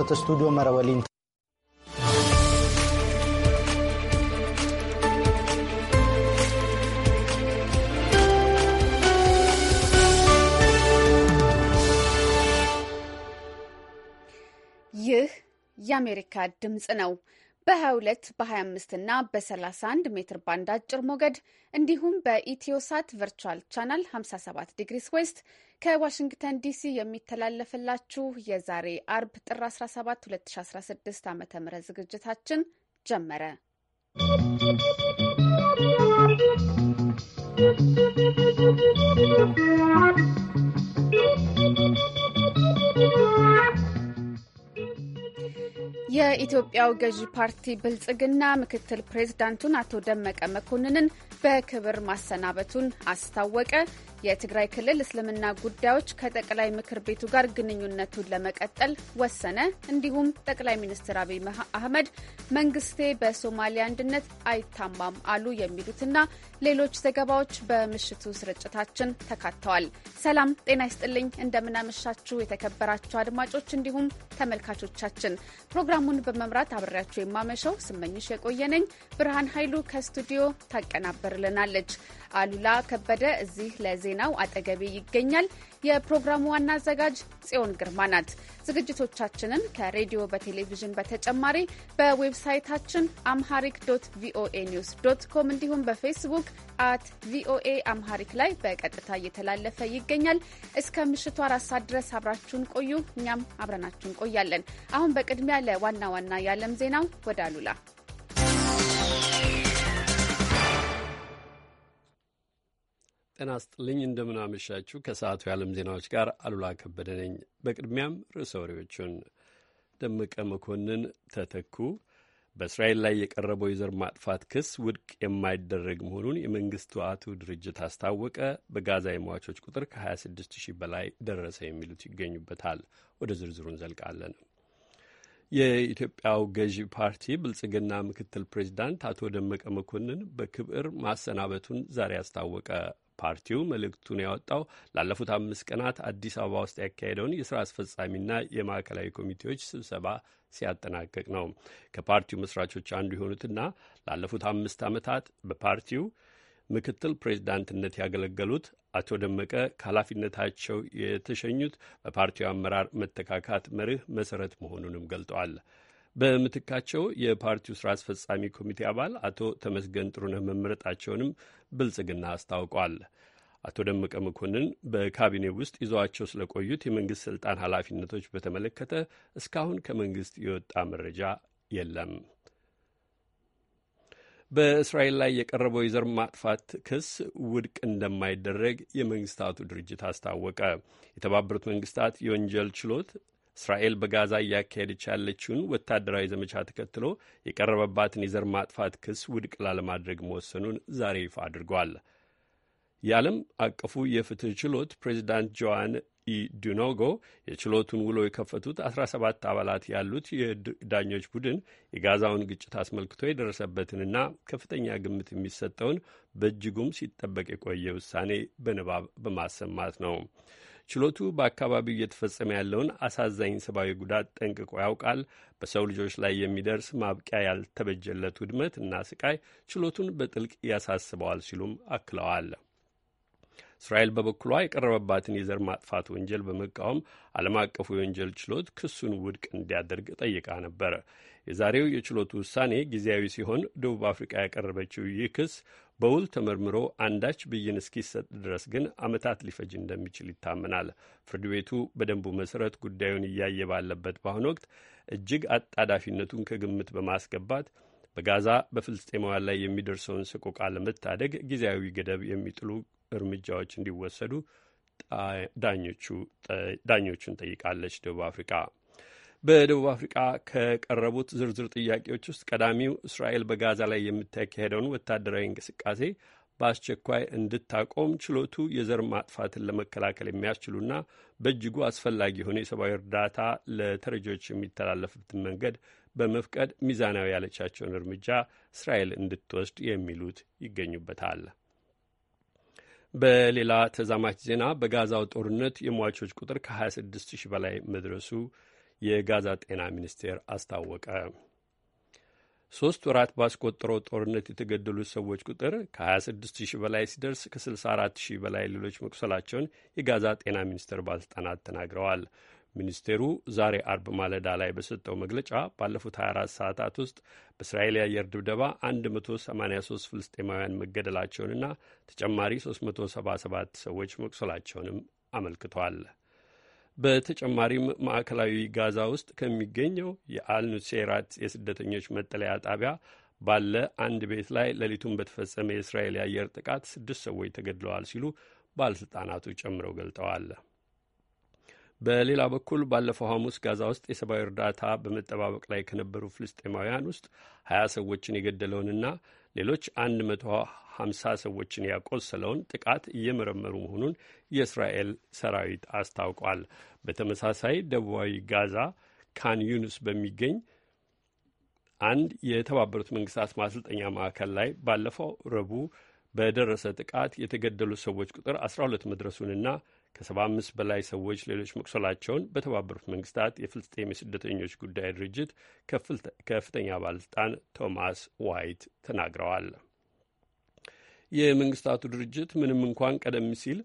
Studio Marawalin. ይህ የአሜሪካ ድምፅ ነው። በ22 በ25 እና በ31 ሜትር ባንድ አጭር ሞገድ እንዲሁም በኢትዮሳት ቨርቹዋል ቻናል 57 ዲግሪስ ዌስት ከዋሽንግተን ዲሲ የሚተላለፍላችሁ የዛሬ አርብ ጥር 17 2016 ዓ ም ዝግጅታችን ጀመረ። ¶¶ የኢትዮጵያው ገዢ ፓርቲ ብልጽግና ምክትል ፕሬዝዳንቱን አቶ ደመቀ መኮንንን በክብር ማሰናበቱን አስታወቀ። የትግራይ ክልል እስልምና ጉዳዮች ከጠቅላይ ምክር ቤቱ ጋር ግንኙነቱን ለመቀጠል ወሰነ። እንዲሁም ጠቅላይ ሚኒስትር አብይ አህመድ መንግስቴ በሶማሊያ አንድነት አይታማም አሉ የሚሉትና ሌሎች ዘገባዎች በምሽቱ ስርጭታችን ተካተዋል። ሰላም ጤና ይስጥልኝ። እንደምናመሻችሁ የተከበራችሁ አድማጮች እንዲሁም ተመልካቾቻችን ፕሮግራሙን በመምራት አብሬያችሁ የማመሸው ስመኝሽ የቆየነኝ ብርሃን ኃይሉ ከስቱዲዮ ታቀናበርልናለች። አሉላ ከበደ እዚህ ለዜ ዜናው አጠገቤ ይገኛል። የፕሮግራሙ ዋና አዘጋጅ ጽዮን ግርማ ናት። ዝግጅቶቻችንን ከሬዲዮ በቴሌቪዥን በተጨማሪ በዌብሳይታችን አምሃሪክ ዶት ቪኦኤ ኒውስ ዶት ኮም እንዲሁም በፌስቡክ አት ቪኦኤ አምሃሪክ ላይ በቀጥታ እየተላለፈ ይገኛል። እስከ ምሽቱ አራት ሰዓት ድረስ አብራችሁን ቆዩ። እኛም አብረናችሁን ቆያለን። አሁን በቅድሚያ ለዋና ዋና የዓለም ዜናው ወደ አሉላ ጤና ስጥልኝ። እንደምናመሻችሁ ከሰዓቱ የዓለም ዜናዎች ጋር አሉላ ከበደ ነኝ። በቅድሚያም ርዕሰ ወሬዎቹን ደመቀ መኮንን ተተኩ በእስራኤል ላይ የቀረበው የዘር ማጥፋት ክስ ውድቅ የማይደረግ መሆኑን የመንግስታቱ ድርጅት አስታወቀ። በጋዛ የሟቾች ቁጥር ከ26 ሺህ በላይ ደረሰ። የሚሉት ይገኙበታል። ወደ ዝርዝሩ እንዘልቃለን። የኢትዮጵያው ገዢ ፓርቲ ብልጽግና ምክትል ፕሬዚዳንት አቶ ደመቀ መኮንን በክብር ማሰናበቱን ዛሬ አስታወቀ። ፓርቲው መልእክቱን ያወጣው ላለፉት አምስት ቀናት አዲስ አበባ ውስጥ ያካሄደውን የስራ አስፈጻሚና የማዕከላዊ ኮሚቴዎች ስብሰባ ሲያጠናቀቅ ነው። ከፓርቲው መስራቾች አንዱ የሆኑትና ላለፉት አምስት ዓመታት በፓርቲው ምክትል ፕሬዚዳንትነት ያገለገሉት አቶ ደመቀ ከኃላፊነታቸው የተሸኙት በፓርቲው አመራር መተካካት መርህ መሰረት መሆኑንም ገልጠዋል። በምትካቸው የፓርቲው ስራ አስፈጻሚ ኮሚቴ አባል አቶ ተመስገን ጥሩነህ መመረጣቸውንም ብልጽግና አስታውቋል። አቶ ደመቀ መኮንን በካቢኔ ውስጥ ይዘዋቸው ስለቆዩት የመንግስት ስልጣን ኃላፊነቶች በተመለከተ እስካሁን ከመንግስት የወጣ መረጃ የለም። በእስራኤል ላይ የቀረበው የዘር ማጥፋት ክስ ውድቅ እንደማይደረግ የመንግስታቱ ድርጅት አስታወቀ። የተባበሩት መንግስታት የወንጀል ችሎት እስራኤል በጋዛ እያካሄደች ያለችውን ወታደራዊ ዘመቻ ተከትሎ የቀረበባትን የዘር ማጥፋት ክስ ውድቅ ላለማድረግ መወሰኑን ዛሬ ይፋ አድርጓል። የዓለም አቀፉ የፍትህ ችሎት ፕሬዚዳንት ጆዋን ኢዱኖጎ የችሎቱን ውሎ የከፈቱት 17 አባላት ያሉት የዳኞች ቡድን የጋዛውን ግጭት አስመልክቶ የደረሰበትንና ከፍተኛ ግምት የሚሰጠውን በእጅጉም ሲጠበቅ የቆየ ውሳኔ በንባብ በማሰማት ነው። ችሎቱ በአካባቢው እየተፈጸመ ያለውን አሳዛኝ ሰብአዊ ጉዳት ጠንቅቆ ያውቃል። በሰው ልጆች ላይ የሚደርስ ማብቂያ ያልተበጀለት ውድመት እና ስቃይ ችሎቱን በጥልቅ ያሳስበዋል ሲሉም አክለዋል። እስራኤል በበኩሏ የቀረበባትን የዘር ማጥፋት ወንጀል በመቃወም ዓለም አቀፉ የወንጀል ችሎት ክሱን ውድቅ እንዲያደርግ ጠይቃ ነበር። የዛሬው የችሎቱ ውሳኔ ጊዜያዊ ሲሆን፣ ደቡብ አፍሪቃ ያቀረበችው ይህ ክስ በውል ተመርምሮ አንዳች ብይን እስኪሰጥ ድረስ ግን ዓመታት ሊፈጅ እንደሚችል ይታመናል። ፍርድ ቤቱ በደንቡ መሰረት ጉዳዩን እያየ ባለበት በአሁኑ ወቅት እጅግ አጣዳፊነቱን ከግምት በማስገባት በጋዛ በፍልስጤማውያን ላይ የሚደርሰውን ሰቆቃ ለመታደግ ጊዜያዊ ገደብ የሚጥሉ እርምጃዎች እንዲወሰዱ ዳኞቹን ጠይቃለች ደቡብ አፍሪካ። በደቡብ አፍሪቃ ከቀረቡት ዝርዝር ጥያቄዎች ውስጥ ቀዳሚው እስራኤል በጋዛ ላይ የምታካሄደውን ወታደራዊ እንቅስቃሴ በአስቸኳይ እንድታቆም ችሎቱ የዘር ማጥፋትን ለመከላከል የሚያስችሉና በእጅጉ አስፈላጊ የሆነ የሰብአዊ እርዳታ ለተረጂዎች የሚተላለፍበትን መንገድ በመፍቀድ ሚዛናዊ ያለቻቸውን እርምጃ እስራኤል እንድትወስድ የሚሉት ይገኙበታል። በሌላ ተዛማች ዜና በጋዛው ጦርነት የሟቾች ቁጥር ከ26 ሺህ በላይ መድረሱ የጋዛ ጤና ሚኒስቴር አስታወቀ። ሶስት ወራት ባስቆጠረው ጦርነት የተገደሉት ሰዎች ቁጥር ከ26 ሺህ በላይ ሲደርስ ከ64 ሺህ በላይ ሌሎች መቁሰላቸውን የጋዛ ጤና ሚኒስቴር ባለስልጣናት ተናግረዋል። ሚኒስቴሩ ዛሬ አርብ ማለዳ ላይ በሰጠው መግለጫ ባለፉት 24 ሰዓታት ውስጥ በእስራኤል የአየር ድብደባ 183 ፍልስጤማውያን መገደላቸውንና ተጨማሪ 377 ሰዎች መቁሰላቸውንም አመልክቷል። በተጨማሪም ማዕከላዊ ጋዛ ውስጥ ከሚገኘው የአልኑሴራት የስደተኞች መጠለያ ጣቢያ ባለ አንድ ቤት ላይ ሌሊቱን በተፈጸመ የእስራኤል የአየር ጥቃት ስድስት ሰዎች ተገድለዋል ሲሉ ባለሥልጣናቱ ጨምረው ገልጠዋል። በሌላ በኩል ባለፈው ሐሙስ ጋዛ ውስጥ የሰብአዊ እርዳታ በመጠባበቅ ላይ ከነበሩ ፍልስጤማውያን ውስጥ ሀያ ሰዎችን የገደለውንና ሌሎች 150 ሰዎችን ያቆሰለውን ጥቃት እየመረመሩ መሆኑን የእስራኤል ሰራዊት አስታውቋል። በተመሳሳይ ደቡባዊ ጋዛ ካን ዩኑስ በሚገኝ አንድ የተባበሩት መንግስታት ማሰልጠኛ ማዕከል ላይ ባለፈው ረቡዕ በደረሰ ጥቃት የተገደሉ ሰዎች ቁጥር 12 መድረሱንና ከሰባ አምስት በላይ ሰዎች ሌሎች መቁሰላቸውን በተባበሩት መንግስታት የፍልስጤም የስደተኞች ጉዳይ ድርጅት ከፍተኛ ባለስልጣን ቶማስ ዋይት ተናግረዋል። የመንግስታቱ ድርጅት ምንም እንኳን ቀደም ሲል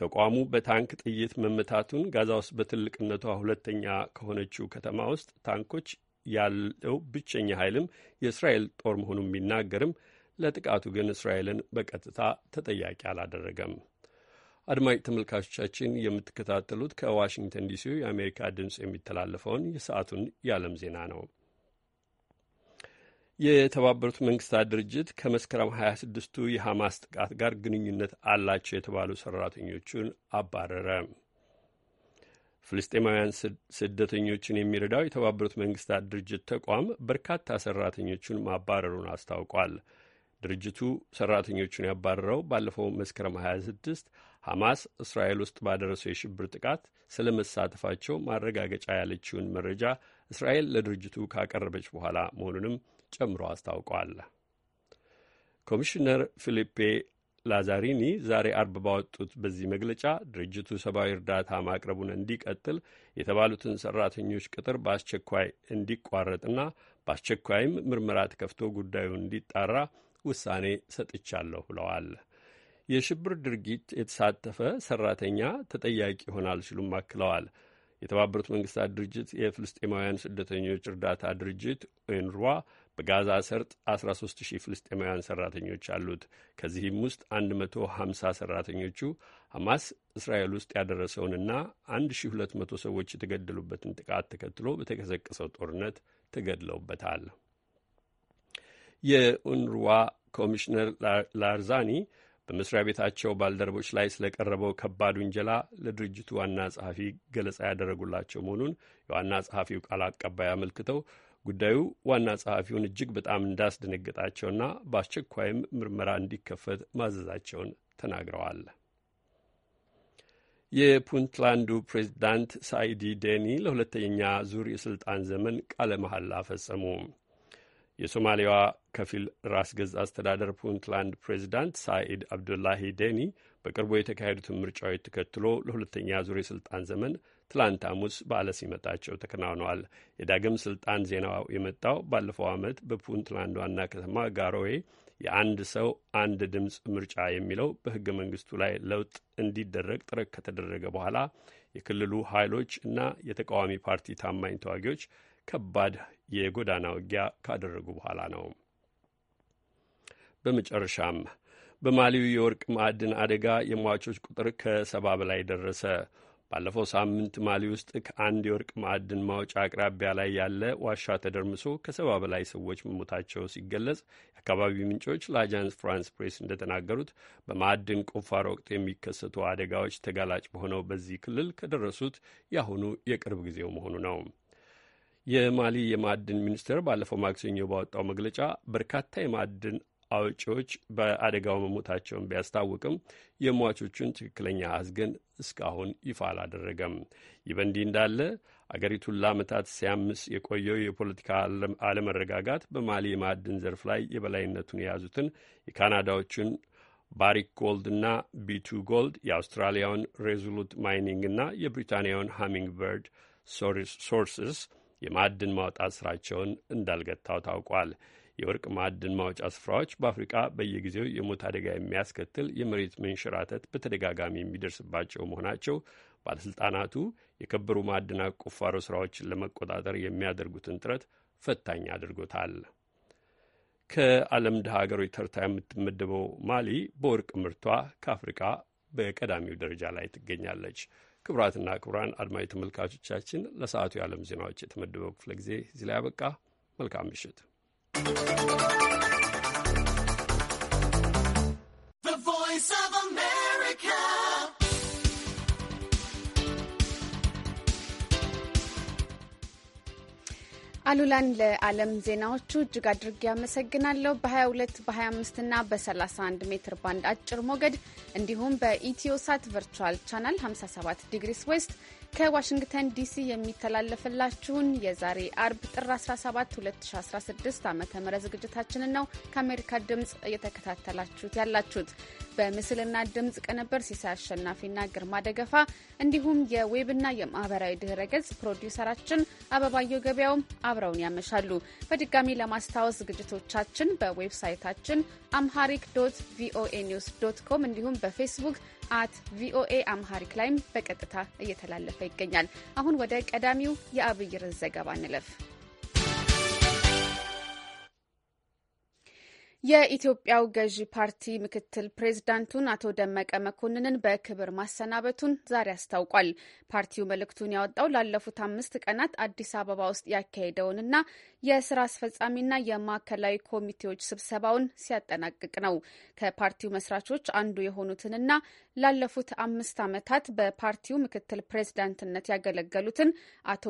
ተቋሙ በታንክ ጥይት መመታቱን ጋዛ ውስጥ በትልቅነቷ ሁለተኛ ከሆነችው ከተማ ውስጥ ታንኮች ያለው ብቸኛ ኃይልም የእስራኤል ጦር መሆኑን ቢናገርም ለጥቃቱ ግን እስራኤልን በቀጥታ ተጠያቂ አላደረገም። አድማጭ ተመልካቾቻችን የምትከታተሉት ከዋሽንግተን ዲሲ የአሜሪካ ድምፅ የሚተላለፈውን የሰዓቱን የዓለም ዜና ነው። የተባበሩት መንግስታት ድርጅት ከመስከረም 26ቱ የሐማስ ጥቃት ጋር ግንኙነት አላቸው የተባሉ ሰራተኞቹን አባረረ። ፍልስጤማውያን ስደተኞችን የሚረዳው የተባበሩት መንግስታት ድርጅት ተቋም በርካታ ሰራተኞቹን ማባረሩን አስታውቋል። ድርጅቱ ሰራተኞቹን ያባረረው ባለፈው መስከረም 26 ሐማስ እስራኤል ውስጥ ባደረሰው የሽብር ጥቃት ስለ መሳተፋቸው ማረጋገጫ ያለችውን መረጃ እስራኤል ለድርጅቱ ካቀረበች በኋላ መሆኑንም ጨምሮ አስታውቋል። ኮሚሽነር ፊሊፔ ላዛሪኒ ዛሬ አርብ ባወጡት በዚህ መግለጫ ድርጅቱ ሰብአዊ እርዳታ ማቅረቡን እንዲቀጥል የተባሉትን ሰራተኞች ቅጥር በአስቸኳይ እንዲቋረጥና በአስቸኳይም ምርመራ ተከፍቶ ጉዳዩን እንዲጣራ ውሳኔ ሰጥቻለሁ ብለዋል። የሽብር ድርጊት የተሳተፈ ሰራተኛ ተጠያቂ ይሆናል ሲሉም አክለዋል። የተባበሩት መንግስታት ድርጅት የፍልስጤማውያን ስደተኞች እርዳታ ድርጅት ኦንርዋ በጋዛ ሰርጥ 13,000 ፍልስጤማውያን ሰራተኞች አሉት። ከዚህም ውስጥ 150 ሰራተኞቹ ሐማስ እስራኤል ውስጥ ያደረሰውንና 1200 ሰዎች የተገደሉበትን ጥቃት ተከትሎ በተቀሰቀሰው ጦርነት ተገድለውበታል። የኡንሩዋ ኮሚሽነር ላርዛኒ በመስሪያ ቤታቸው ባልደረቦች ላይ ስለቀረበው ከባድ ውንጀላ ለድርጅቱ ዋና ጸሐፊ ገለጻ ያደረጉላቸው መሆኑን የዋና ጸሐፊው ቃል አቀባይ አመልክተው ጉዳዩ ዋና ጸሐፊውን እጅግ በጣም እንዳስደነገጣቸውና በአስቸኳይም ምርመራ እንዲከፈት ማዘዛቸውን ተናግረዋል። የፑንትላንዱ ፕሬዚዳንት ሳይዲ ዴኒ ለሁለተኛ ዙር የሥልጣን ዘመን ቃለ መሐላ ፈጸሙ። የሶማሌዋ ከፊል ራስ ገዝ አስተዳደር ፑንትላንድ ፕሬዚዳንት ሳኢድ አብዱላሂ ዴኒ በቅርቡ የተካሄዱትን ምርጫዎች ተከትሎ ለሁለተኛ ዙር የስልጣን ዘመን ትላንት ሐሙስ በዓለ ሲመታቸው ተከናውነዋል። የዳግም ስልጣን ዜናው የመጣው ባለፈው ዓመት በፑንትላንድ ዋና ከተማ ጋሮዌ የአንድ ሰው አንድ ድምፅ ምርጫ የሚለው በሕገ መንግስቱ ላይ ለውጥ እንዲደረግ ጥረት ከተደረገ በኋላ የክልሉ ኃይሎች እና የተቃዋሚ ፓርቲ ታማኝ ተዋጊዎች ከባድ የጎዳና ውጊያ ካደረጉ በኋላ ነው። በመጨረሻም በማሊው የወርቅ ማዕድን አደጋ የሟቾች ቁጥር ከሰባ በላይ ደረሰ። ባለፈው ሳምንት ማሊ ውስጥ ከአንድ የወርቅ ማዕድን ማውጫ አቅራቢያ ላይ ያለ ዋሻ ተደርምሶ ከሰባ በላይ ሰዎች መሞታቸው ሲገለጽ የአካባቢ ምንጮች ለአጃንስ ፍራንስ ፕሬስ እንደተናገሩት በማዕድን ቁፋር ወቅት የሚከሰቱ አደጋዎች ተጋላጭ በሆነው በዚህ ክልል ከደረሱት የአሁኑ የቅርብ ጊዜው መሆኑ ነው። የማሊ የማዕድን ሚኒስቴር ባለፈው ማክሰኞ ባወጣው መግለጫ በርካታ የማዕድን አውጪዎች በአደጋው መሞታቸውን ቢያስታውቅም የሟቾቹን ትክክለኛ አዝገን እስካሁን ይፋ አላደረገም። ይህ በእንዲህ እንዳለ አገሪቱን ለዓመታት ሲያምስ የቆየው የፖለቲካ አለመረጋጋት በማሊ የማዕድን ዘርፍ ላይ የበላይነቱን የያዙትን የካናዳዎቹን ባሪክ ጎልድ እና ቢቱ ጎልድ የአውስትራሊያውን ሬዞሉት ማይኒንግ እና የብሪታንያውን ሃሚንግ በርድ ሶርስስ የማዕድን ማውጣት ስራቸውን እንዳልገታው ታውቋል። የወርቅ ማዕድን ማውጫ ስፍራዎች በአፍሪቃ በየጊዜው የሞት አደጋ የሚያስከትል የመሬት መንሸራተት በተደጋጋሚ የሚደርስባቸው መሆናቸው ባለሥልጣናቱ የከበሩ ማዕድና ቁፋሮ ስራዎችን ለመቆጣጠር የሚያደርጉትን ጥረት ፈታኝ አድርጎታል። ከዓለም ድሃ ሀገሮች ተርታ የምትመደበው ማሊ በወርቅ ምርቷ ከአፍሪቃ በቀዳሚው ደረጃ ላይ ትገኛለች። ክቡራትና ክቡራን አድማጭ ተመልካቾቻችን ለሰዓቱ የዓለም ዜናዎች የተመደበው ክፍለ ጊዜ እዚህ ላይ ያበቃ። መልካም ምሽት። አሉላን ለዓለም ዜናዎቹ እጅግ አድርጌ ያመሰግናለሁ። በ22 በ25 እና በ31 ሜትር ባንድ አጭር ሞገድ እንዲሁም በኢትዮሳት ቨርቹዋል ቻናል 57 ዲግሪስ ዌስት ከዋሽንግተን ዲሲ የሚተላለፍላችሁን የዛሬ አርብ ጥር 17 2016 ዓ ም ዝግጅታችንን ነው ከአሜሪካ ድምፅ እየተከታተላችሁት ያላችሁት። በምስልና ድምፅ ቅንብር ሲሳይ አሸናፊና ግርማ ደገፋ እንዲሁም የዌብና የማህበራዊ ድህረ ገጽ ፕሮዲውሰራችን አበባየው ገበያውም አብረውን ያመሻሉ። በድጋሚ ለማስታወስ ዝግጅቶቻችን በዌብሳይታችን አምሃሪክ ዶት ቪኦኤ ኒውስ ዶት ኮም እንዲሁም በፌስቡክ አት ቪኦኤ አምሃሪክ ላይም በቀጥታ እየተላለፈ ይገኛል። አሁን ወደ ቀዳሚው የአብይር ዘገባ እንለፍ። የኢትዮጵያው ገዢ ፓርቲ ምክትል ፕሬዝዳንቱን አቶ ደመቀ መኮንንን በክብር ማሰናበቱን ዛሬ አስታውቋል። ፓርቲው መልእክቱን ያወጣው ላለፉት አምስት ቀናት አዲስ አበባ ውስጥ ያካሄደውንና የስራ አስፈጻሚና የማዕከላዊ ኮሚቴዎች ስብሰባውን ሲያጠናቅቅ ነው። ከፓርቲው መስራቾች አንዱ የሆኑትንና ላለፉት አምስት ዓመታት በፓርቲው ምክትል ፕሬዝዳንትነት ያገለገሉትን አቶ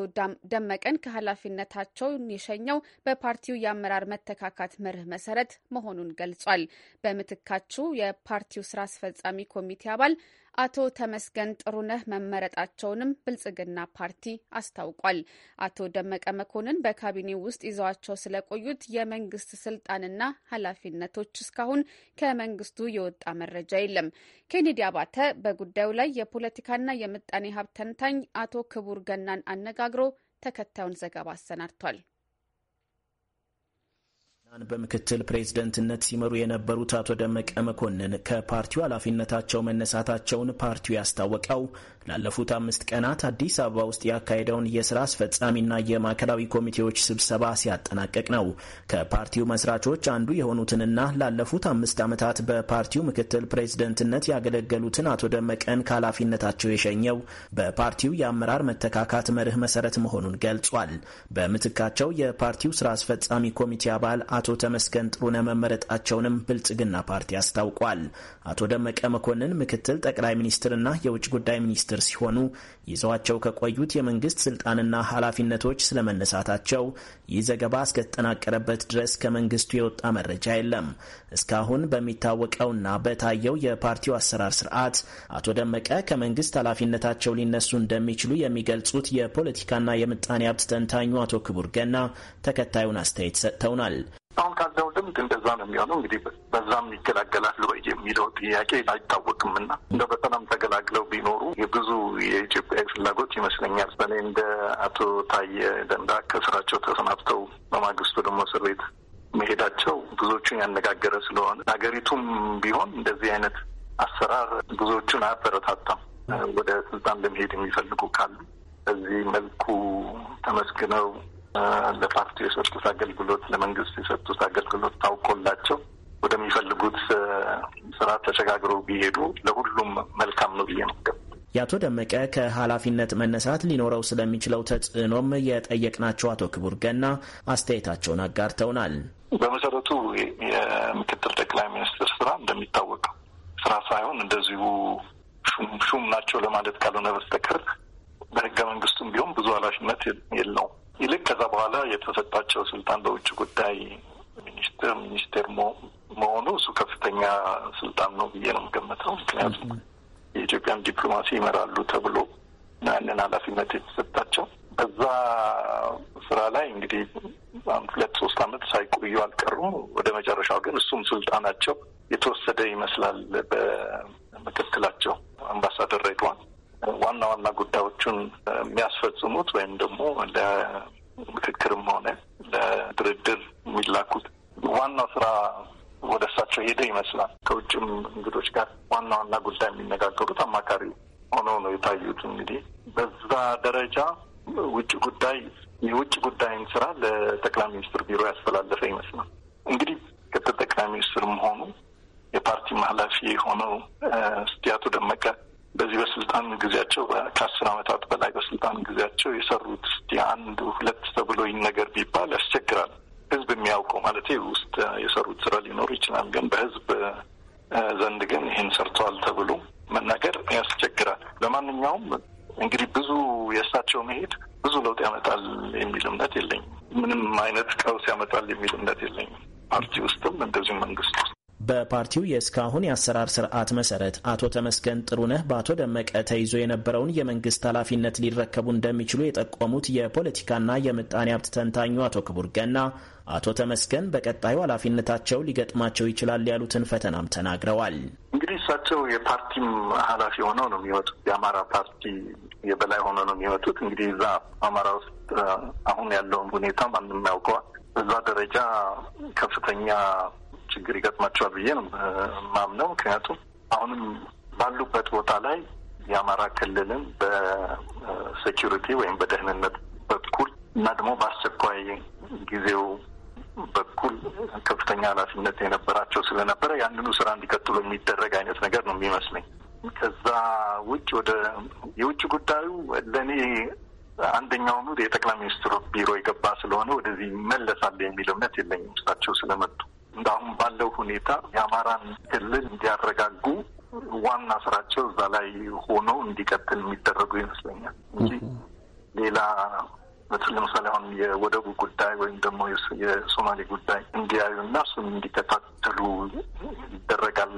ደመቀን ከኃላፊነታቸው የሸኘው በፓርቲው የአመራር መተካካት መርህ መሰረት መሆኑ መሆኑን ገልጿል። በምትካችሁ የፓርቲው ስራ አስፈጻሚ ኮሚቴ አባል አቶ ተመስገን ጥሩነህ መመረጣቸውንም ብልጽግና ፓርቲ አስታውቋል። አቶ ደመቀ መኮንን በካቢኔ ውስጥ ይዘዋቸው ስለቆዩት የመንግስት ስልጣንና ኃላፊነቶች እስካሁን ከመንግስቱ የወጣ መረጃ የለም። ኬኔዲ አባተ በጉዳዩ ላይ የፖለቲካና የምጣኔ ሀብት ተንታኝ አቶ ክቡር ገናን አነጋግሮ ተከታዩን ዘገባ አሰናድቷል። ን በምክትል ፕሬዝደንትነት ሲመሩ የነበሩት አቶ ደመቀ መኮንን ከፓርቲው ኃላፊነታቸው መነሳታቸውን ፓርቲው ያስታወቀው ላለፉት አምስት ቀናት አዲስ አበባ ውስጥ ያካሄደውን የስራ አስፈጻሚና የማዕከላዊ ኮሚቴዎች ስብሰባ ሲያጠናቀቅ ነው። ከፓርቲው መስራቾች አንዱ የሆኑትንና ላለፉት አምስት ዓመታት በፓርቲው ምክትል ፕሬዝደንትነት ያገለገሉትን አቶ ደመቀን ከኃላፊነታቸው የሸኘው በፓርቲው የአመራር መተካካት መርህ መሰረት መሆኑን ገልጿል። በምትካቸው የፓርቲው ስራ አስፈጻሚ ኮሚቴ አባል አቶ ተመስገን ጥሩነ መመረጣቸውንም ብልጽግና ፓርቲ አስታውቋል። አቶ ደመቀ መኮንን ምክትል ጠቅላይ ሚኒስትርና የውጭ ጉዳይ ሚኒስትር ስር ሲሆኑ ይዘዋቸው ከቆዩት የመንግስት ስልጣንና ኃላፊነቶች ስለመነሳታቸው ይህ ዘገባ እስከተጠናቀረበት ድረስ ከመንግስቱ የወጣ መረጃ የለም። እስካሁን በሚታወቀውና በታየው የፓርቲው አሰራር ስርዓት አቶ ደመቀ ከመንግስት ኃላፊነታቸው ሊነሱ እንደሚችሉ የሚገልጹት የፖለቲካና የምጣኔ ሀብት ተንታኙ አቶ ክቡር ገና ተከታዩን አስተያየት ሰጥተውናል። አሁን ካለው ልምድ እንደዛ ነው የሚሆነው። እንግዲህ በዛም ይገላገላሉ ወይ የሚለው ጥያቄ አይታወቅም እና እንደ በሰላም ተገላግለው ቢኖሩ የብዙ የኢትዮጵያ ፍላጎት ይመስለኛል። በኔ እንደ አቶ ታየ ደንዳ ከስራቸው ተሰናብተው በማግስቱ ደግሞ እስር ቤት መሄዳቸው ብዙዎቹን ያነጋገረ ስለሆነ ሀገሪቱም ቢሆን እንደዚህ አይነት አሰራር ብዙዎቹን አያበረታታም። ወደ ስልጣን ለመሄድ የሚፈልጉ ካሉ በዚህ መልኩ ተመስግነው ለፓርቲ የሰጡት አገልግሎት፣ ለመንግስት የሰጡት አገልግሎት ታውቆላቸው ወደሚፈልጉት ስራ ተሸጋግረው ቢሄዱ ለሁሉም መልካም ነው ብዬ ነው። የአቶ ደመቀ ከኃላፊነት መነሳት ሊኖረው ስለሚችለው ተጽዕኖም የጠየቅናቸው አቶ ክቡር ገና አስተያየታቸውን አጋርተውናል። በመሰረቱ የምክትል ጠቅላይ ሚኒስትር ስራ እንደሚታወቀው ስራ ሳይሆን እንደዚሁ ሹም ናቸው ለማለት ካልሆነ በስተቀር በህገ መንግስቱም ቢሆን ብዙ ኃላፊነት የለውም። ይልቅ ከዛ በኋላ የተሰጣቸው ስልጣን በውጭ ጉዳይ ሚኒስትር ሚኒስቴር መሆኑ እሱ ከፍተኛ ስልጣን ነው ብዬ ነው የምገምተው። ምክንያቱም የኢትዮጵያን ዲፕሎማሲ ይመራሉ ተብሎ ያንን ኃላፊነት የተሰጣቸው በዛ ስራ ላይ እንግዲህ አንድ ሁለት ሶስት አመት ሳይቆዩ አልቀሩም። ወደ መጨረሻው ግን እሱም ስልጣናቸው የተወሰደ ይመስላል በምክትላቸው አምባሳደር ሬድዋን ዋና ዋና ጉዳዮቹን የሚያስፈጽሙት ወይም ደግሞ ለምክክርም ሆነ ለድርድር የሚላኩት ዋናው ስራ ወደ እሳቸው ሄደ ይመስላል። ከውጭም እንግዶች ጋር ዋና ዋና ጉዳይ የሚነጋገሩት አማካሪ ሆነው ነው የታዩት። እንግዲህ በዛ ደረጃ ውጭ ጉዳይ የውጭ ጉዳይን ስራ ለጠቅላይ ሚኒስትር ቢሮ ያስተላለፈ ይመስላል። እንግዲህ ጠቅላይ ሚኒስትር መሆኑ የፓርቲ ኃላፊ የሆነው ስቲያቱ ደመቀ በስልጣን ጊዜያቸው ከአስር ዓመታት በላይ በስልጣን ጊዜያቸው የሰሩት የአንዱ ሁለት ተብሎኝ ነገር ቢባል ያስቸግራል። ህዝብ የሚያውቀው ማለት ውስጥ የሰሩት ስራ ሊኖር ይችላል፣ ግን በህዝብ ዘንድ ግን ይህን ሰርተዋል ተብሎ መናገር ያስቸግራል። ለማንኛውም እንግዲህ ብዙ የእሳቸው መሄድ ብዙ ለውጥ ያመጣል የሚል እምነት የለኝም። ምንም አይነት ቀውስ ያመጣል የሚል እምነት የለኝም። ፓርቲ ውስጥም እንደዚሁ መንግስት ውስጥ በፓርቲው የእስካሁን የአሰራር ስርዓት መሰረት አቶ ተመስገን ጥሩነህ በአቶ ደመቀ ተይዞ የነበረውን የመንግስት ኃላፊነት ሊረከቡ እንደሚችሉ የጠቆሙት የፖለቲካና የምጣኔ ሀብት ተንታኙ አቶ ክቡር ገና አቶ ተመስገን በቀጣዩ ኃላፊነታቸው ሊገጥማቸው ይችላል ያሉትን ፈተናም ተናግረዋል። እንግዲህ እሳቸው የፓርቲም ኃላፊ ሆነው ነው የሚወጡት። የአማራ ፓርቲ የበላይ ሆነው ነው የሚወጡት። እንግዲህ እዛ አማራ ውስጥ አሁን ያለውን ሁኔታ ማንም ያውቀዋል። በዛ ደረጃ ከፍተኛ ችግር ይገጥማቸዋል ብዬ ነው ማምነው። ምክንያቱም አሁንም ባሉበት ቦታ ላይ የአማራ ክልልን በሴኪሪቲ ወይም በደህንነት በኩል እና ደግሞ በአስቸኳይ ጊዜው በኩል ከፍተኛ ኃላፊነት የነበራቸው ስለነበረ ያንኑ ስራ እንዲቀጥሉ የሚደረግ አይነት ነገር ነው የሚመስለኝ። ከዛ ውጭ ወደ የውጭ ጉዳዩ ለእኔ አንደኛውኑ የጠቅላይ ሚኒስትሩ ቢሮ የገባ ስለሆነ ወደዚህ ይመለሳል የሚል እምነት የለኝም እሳቸው ስለመጡ እንዳሁን ባለው ሁኔታ የአማራን ክልል እንዲያረጋጉ ዋና ስራቸው እዛ ላይ ሆኖ እንዲቀጥል የሚደረጉ ይመስለኛል እንጂ ሌላ ለምሳሌ አሁን የወደቡ ጉዳይ ወይም ደግሞ የሶማሌ ጉዳይ እንዲያዩ እና እሱን እንዲከታተሉ ይደረጋል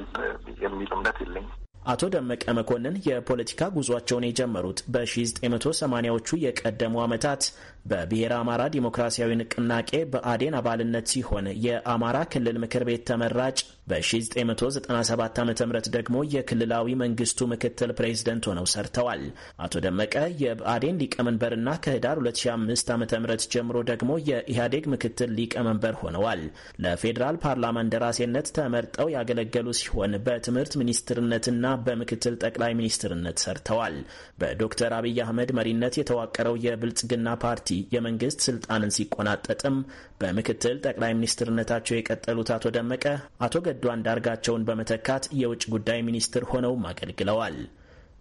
የሚል እምነት የለኝም። አቶ ደመቀ መኮንን የፖለቲካ ጉዟቸውን የጀመሩት በ1980ዎቹ የቀደሙ ዓመታት በብሔረ አማራ ዲሞክራሲያዊ ንቅናቄ በአዴን አባልነት ሲሆን የአማራ ክልል ምክር ቤት ተመራጭ በ1997 ዓ ም ደግሞ የክልላዊ መንግስቱ ምክትል ፕሬዝደንት ሆነው ሰርተዋል። አቶ ደመቀ የብአዴን ሊቀመንበርና ከህዳር 2005 ዓ ም ጀምሮ ደግሞ የኢህአዴግ ምክትል ሊቀመንበር ሆነዋል። ለፌዴራል ፓርላማ እንደራሴነት ተመርጠው ያገለገሉ ሲሆን በትምህርት ሚኒስትርነትና በምክትል ጠቅላይ ሚኒስትርነት ሰርተዋል። በዶክተር አብይ አህመድ መሪነት የተዋቀረው የብልጽግና ፓርቲ የመንግስት ስልጣንን ሲቆናጠጥም በምክትል ጠቅላይ ሚኒስትርነታቸው የቀጠሉት አቶ ደመቀ አቶ ገዱ አንዳርጋቸውን በመተካት የውጭ ጉዳይ ሚኒስትር ሆነውም አገልግለዋል።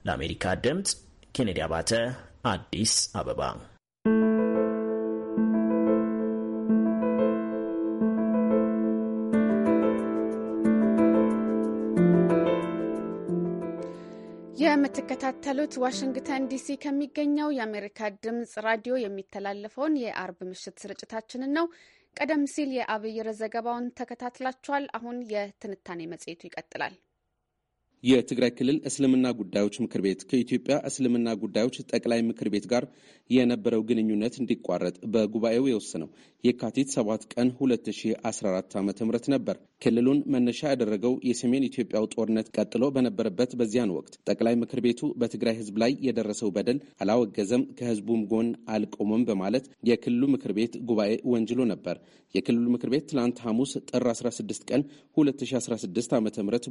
ለአሜሪካ ድምፅ ኬኔዲ አባተ አዲስ አበባ። የምትከታተሉት ዋሽንግተን ዲሲ ከሚገኘው የአሜሪካ ድምፅ ራዲዮ የሚተላለፈውን የአርብ ምሽት ስርጭታችንን ነው። ቀደም ሲል የአብይር ዘገባውን ተከታትላችኋል። አሁን የትንታኔ መጽሔቱ ይቀጥላል። የትግራይ ክልል እስልምና ጉዳዮች ምክር ቤት ከኢትዮጵያ እስልምና ጉዳዮች ጠቅላይ ምክር ቤት ጋር የነበረው ግንኙነት እንዲቋረጥ በጉባኤው የወሰነው የካቲት 7 ቀን 2014 ዓ.ም ነበር። ክልሉን መነሻ ያደረገው የሰሜን ኢትዮጵያው ጦርነት ቀጥሎ በነበረበት በዚያን ወቅት ጠቅላይ ምክር ቤቱ በትግራይ ህዝብ ላይ የደረሰው በደል አላወገዘም፣ ከህዝቡም ጎን አልቆመም በማለት የክልሉ ምክር ቤት ጉባኤ ወንጅሎ ነበር። የክልሉ ምክር ቤት ትላንት ሐሙስ ጥር 16 ቀን 2016 ዓ ም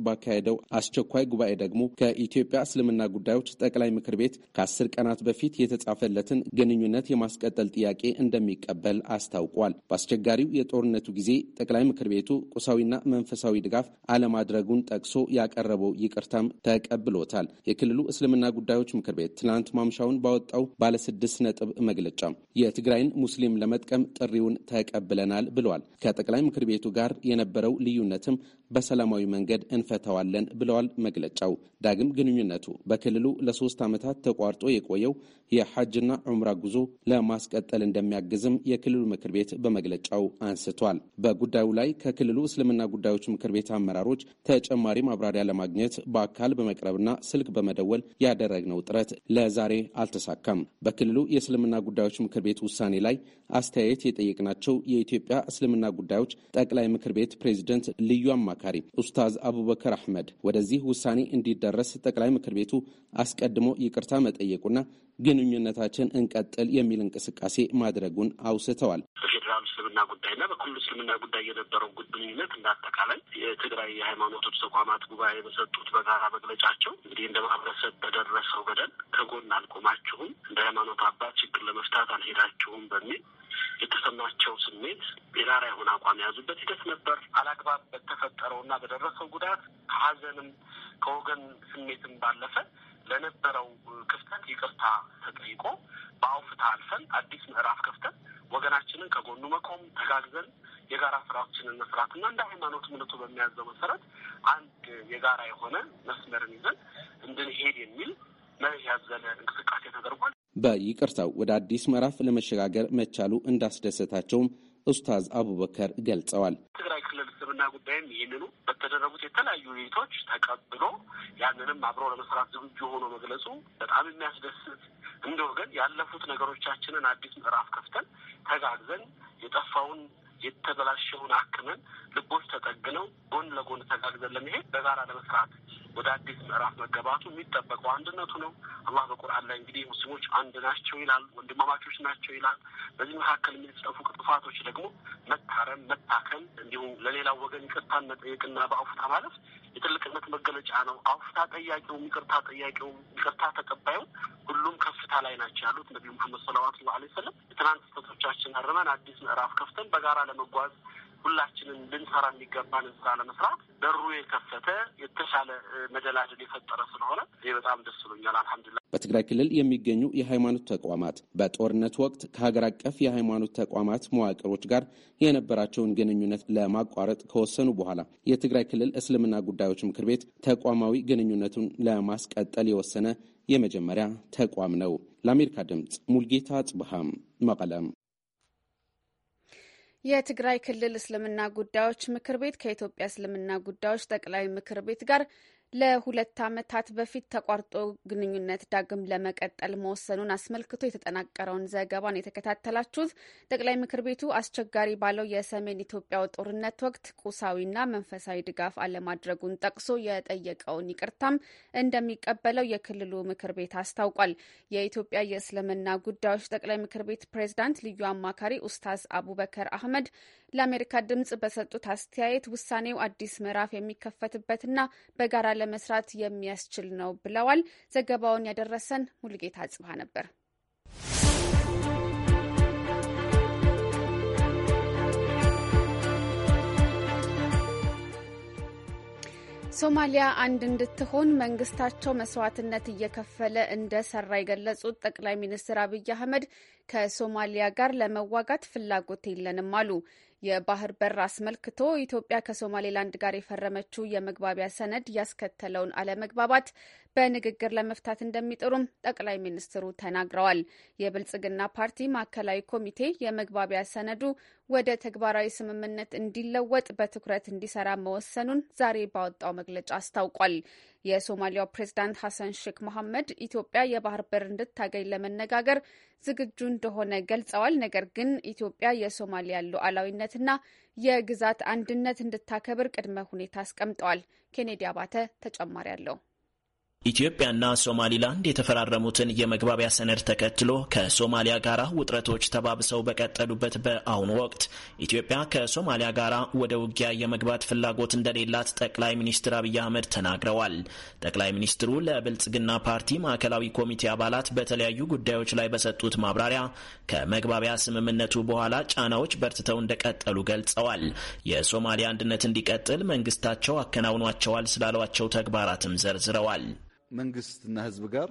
ባካሄደው አስቸኳይ ጉባኤ ደግሞ ከኢትዮጵያ እስልምና ጉዳዮች ጠቅላይ ምክር ቤት ከአስር ቀናት በፊት የተጻፈለትን ግንኙነት የማስቀጠል ጥያቄ እንደሚቀበል አስታውቋል። በአስቸጋሪው የጦርነቱ ጊዜ ጠቅላይ ምክር ቤቱ ቁሳዊና መንፈሳዊ ድጋፍ አለማድረጉን ጠቅሶ ያቀረበው ይቅርታም ተቀብሎታል። የክልሉ እስልምና ጉዳዮች ምክር ቤት ትናንት ማምሻውን ባወጣው ባለስድስት ነጥብ መግለጫ የትግራይን ሙስሊም ለመጥቀም ጥሪውን ተቀብለናል ብለዋል። ከጠቅላይ ምክር ቤቱ ጋር የነበረው ልዩነትም በሰላማዊ መንገድ እንፈተዋለን ብለዋል መግለጫው። ዳግም ግንኙነቱ በክልሉ ለሶስት ዓመታት ተቋርጦ የቆየው የሐጅና ዑምራ ጉዞ ለማስቀጠል እንደሚያግዝም የክልሉ ምክር ቤት በመግለጫው አንስቷል። በጉዳዩ ላይ ከክልሉ እስልምና ጉዳዮች ምክር ቤት አመራሮች ተጨማሪ ማብራሪያ ለማግኘት በአካል በመቅረብና ስልክ በመደወል ያደረግነው ጥረት ለዛሬ አልተሳካም። በክልሉ የእስልምና ጉዳዮች ምክር ቤት ውሳኔ ላይ አስተያየት የጠየቅናቸው የኢትዮጵያ እስልምና ጉዳዮች ጠቅላይ ምክር ቤት ፕሬዚደንት ልዩ አማ አማካሪ ኡስታዝ አቡበከር አህመድ ወደዚህ ውሳኔ እንዲደረስ ጠቅላይ ምክር ቤቱ አስቀድሞ ይቅርታ መጠየቁና ግንኙነታችን እንቀጥል የሚል እንቅስቃሴ ማድረጉን አውስተዋል። በፌዴራል እስልምና ጉዳይና በክልሉ እስልምና ጉዳይ የነበረው ግንኙነት እንዳጠቃላይ አጠቃላይ የትግራይ የሃይማኖቶች ተቋማት ጉባኤ በሰጡት በጋራ መግለጫቸው እንግዲህ እንደ ማህበረሰብ በደረሰው በደል ከጎን አልቆማችሁም፣ እንደ ሃይማኖት አባት ችግር ለመፍታት አልሄዳችሁም በሚል የተሰማቸው ስሜት የጋራ የሆነ አቋም የያዙበት ሂደት ነበር። አላግባብ በተፈጠረውና በደረሰው ጉዳት ከሀዘንም ከወገን ስሜትም ባለፈ ለነበረው ክፍተት ይቅርታ ተጠይቆ በአውፍታ አልፈን አዲስ ምዕራፍ ከፍተን ወገናችንን ከጎኑ መቆም ተጋግዘን የጋራ ስራዎችንን መስራት እና እንደ ሃይማኖት እምነቱ በሚያዘው መሰረት አንድ የጋራ የሆነ መስመርን ይዘን እንድንሄድ የሚል መርህ ያዘለ እንቅስቃሴ ተደርጓል። በይቅርታው ወደ አዲስ ምዕራፍ ለመሸጋገር መቻሉ እንዳስደሰታቸውም ኡስታዝ አቡበከር ገልጸዋል። ትግራይ ክልል የሕክምና ጉዳይም ይህንኑ በተደረጉት የተለያዩ ውይይቶች ተቀብሎ ያንንም አብሮ ለመስራት ዝግጁ ሆኖ መግለጹ በጣም የሚያስደስት እንደ ወገን ያለፉት ነገሮቻችንን አዲስ ምዕራፍ ከፍተን ተጋግዘን የጠፋውን የተበላሸውን አክመን ልቦች ተጠግነው ጎን ለጎን ተጋግዘን ለመሄድ በጋራ ለመስራት ወደ አዲስ ምዕራፍ መገባቱ የሚጠበቀው አንድነቱ ነው። አላህ በቁርአን ላይ እንግዲህ ሙስሊሞች አንድ ናቸው ይላል፣ ወንድማማቾች ናቸው ይላል። በዚህ መካከል የሚጠፉ ጥፋቶች ደግሞ መታረም፣ መታከም እንዲሁም ለሌላው ወገን ይቅርታን መጠየቅና በአፉታ ማለፍ የትልቅነት መገለጫ ነው። አውፍታ ጠያቂውም፣ ይቅርታ ጠያቂውም፣ ይቅርታ ተቀባዩም ሁሉም ከፍታ ላይ ናቸው ያሉት ነቢዩ ሙሐመድ ሰለዋት ላ ሰለም የትናንት ስህተቶቻችን አርመን አዲስ ምዕራፍ ከፍተን በጋራ ለመጓዝ ሁላችንን ልንሰራ የሚገባን ስራ ለመስራት በሩ የከፈተ የተሻለ መደላደል የፈጠረ ስለሆነ ይህ በጣም ደስ ብሎኛል። አልሐምዱሊላህ። በትግራይ ክልል የሚገኙ የሃይማኖት ተቋማት በጦርነት ወቅት ከሀገር አቀፍ የሃይማኖት ተቋማት መዋቅሮች ጋር የነበራቸውን ግንኙነት ለማቋረጥ ከወሰኑ በኋላ የትግራይ ክልል እስልምና ጉዳዮች ምክር ቤት ተቋማዊ ግንኙነቱን ለማስቀጠል የወሰነ የመጀመሪያ ተቋም ነው። ለአሜሪካ ድምፅ ሙልጌታ ጽብሃም መቀለም የትግራይ ክልል እስልምና ጉዳዮች ምክር ቤት ከኢትዮጵያ እስልምና ጉዳዮች ጠቅላይ ምክር ቤት ጋር ለሁለት ዓመታት በፊት ተቋርጦ ግንኙነት ዳግም ለመቀጠል መወሰኑን አስመልክቶ የተጠናቀረውን ዘገባን የተከታተላችሁት ጠቅላይ ምክር ቤቱ አስቸጋሪ ባለው የሰሜን ኢትዮጵያው ጦርነት ወቅት ቁሳዊና መንፈሳዊ ድጋፍ አለማድረጉን ጠቅሶ የጠየቀውን ይቅርታም እንደሚቀበለው የክልሉ ምክር ቤት አስታውቋል። የኢትዮጵያ የእስልምና ጉዳዮች ጠቅላይ ምክር ቤት ፕሬዝዳንት ልዩ አማካሪ ኡስታዝ አቡበከር አህመድ ለአሜሪካ ድምጽ በሰጡት አስተያየት ውሳኔው አዲስ ምዕራፍ የሚከፈትበትና በጋራ ለመስራት የሚያስችል ነው ብለዋል። ዘገባውን ያደረሰን ሙልጌታ አጽብሃ ነበር። ሶማሊያ አንድ እንድትሆን መንግስታቸው መስዋዕትነት እየከፈለ እንደ ሰራ የገለጹት ጠቅላይ ሚኒስትር አብይ አህመድ ከሶማሊያ ጋር ለመዋጋት ፍላጎት የለንም አሉ። የባህር በር አስመልክቶ ኢትዮጵያ ከሶማሌላንድ ጋር የፈረመችው የመግባቢያ ሰነድ ያስከተለውን አለመግባባት በንግግር ለመፍታት እንደሚጥሩም ጠቅላይ ሚኒስትሩ ተናግረዋል። የብልጽግና ፓርቲ ማዕከላዊ ኮሚቴ የመግባቢያ ሰነዱ ወደ ተግባራዊ ስምምነት እንዲለወጥ በትኩረት እንዲሰራ መወሰኑን ዛሬ ባወጣው መግለጫ አስታውቋል። የሶማሊያው ፕሬዝዳንት ሐሰን ሼክ መሐመድ ኢትዮጵያ የባህር በር እንድታገኝ ለመነጋገር ዝግጁ እንደሆነ ገልጸዋል። ነገር ግን ኢትዮጵያ የሶማሊያ ሉዓላዊነትና የግዛት አንድነት እንድታከብር ቅድመ ሁኔታ አስቀምጠዋል። ኬኔዲ አባተ ተጨማሪ አለው። ኢትዮጵያና ሶማሊላንድ የተፈራረሙትን የመግባቢያ ሰነድ ተከትሎ ከሶማሊያ ጋር ውጥረቶች ተባብሰው በቀጠሉበት በአሁኑ ወቅት ኢትዮጵያ ከሶማሊያ ጋር ወደ ውጊያ የመግባት ፍላጎት እንደሌላት ጠቅላይ ሚኒስትር አብይ አህመድ ተናግረዋል። ጠቅላይ ሚኒስትሩ ለብልጽግና ፓርቲ ማዕከላዊ ኮሚቴ አባላት በተለያዩ ጉዳዮች ላይ በሰጡት ማብራሪያ ከመግባቢያ ስምምነቱ በኋላ ጫናዎች በርትተው እንደቀጠሉ ገልጸዋል። የሶማሊያ አንድነት እንዲቀጥል መንግስታቸው አከናውኗቸዋል ስላሏቸው ተግባራትም ዘርዝረዋል። መንግስትና ህዝብ ጋር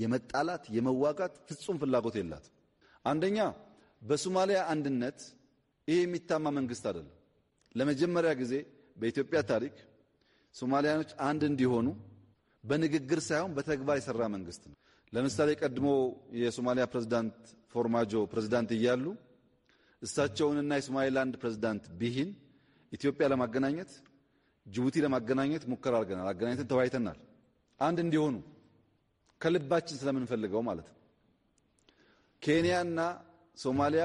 የመጣላት የመዋጋት ፍጹም ፍላጎት የላት። አንደኛ በሶማሊያ አንድነት ይሄ የሚታማ መንግስት አይደለም። ለመጀመሪያ ጊዜ በኢትዮጵያ ታሪክ ሶማሊያኖች አንድ እንዲሆኑ በንግግር ሳይሆን በተግባር የሰራ መንግስት ነው። ለምሳሌ ቀድሞ የሶማሊያ ፕሬዝዳንት ፎርማጆ ፕሬዝዳንት እያሉ እሳቸውንና የሶማሌላንድ ፕሬዝዳንት ቢሂን ኢትዮጵያ ለማገናኘት ጅቡቲ ለማገናኘት ሙከራ አድርገናል። አገናኝተን ተወያይተናል። አንድ እንዲሆኑ ከልባችን ስለምንፈልገው ማለት ነው። ኬንያና ሶማሊያ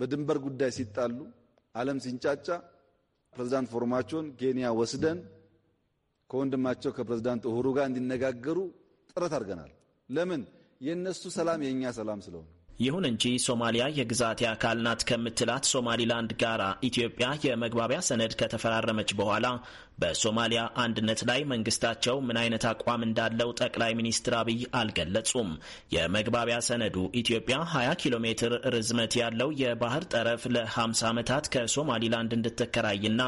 በድንበር ጉዳይ ሲጣሉ ዓለም ሲንጫጫ ፕሬዝዳንት ፎርማቾን ኬንያ ወስደን ከወንድማቸው ከፕሬዝዳንት ኡሁሩ ጋር እንዲነጋገሩ ጥረት አድርገናል። ለምን? የእነሱ ሰላም የእኛ ሰላም ስለሆነ ይሁን እንጂ ሶማሊያ የግዛቴ አካል ናት ከምትላት ሶማሊላንድ ጋራ ኢትዮጵያ የመግባቢያ ሰነድ ከተፈራረመች በኋላ በሶማሊያ አንድነት ላይ መንግስታቸው ምን አይነት አቋም እንዳለው ጠቅላይ ሚኒስትር አብይ አልገለጹም። የመግባቢያ ሰነዱ ኢትዮጵያ 20 ኪሎ ሜትር ርዝመት ያለው የባህር ጠረፍ ለ50 ዓመታት ከሶማሊላንድ እንድትከራይና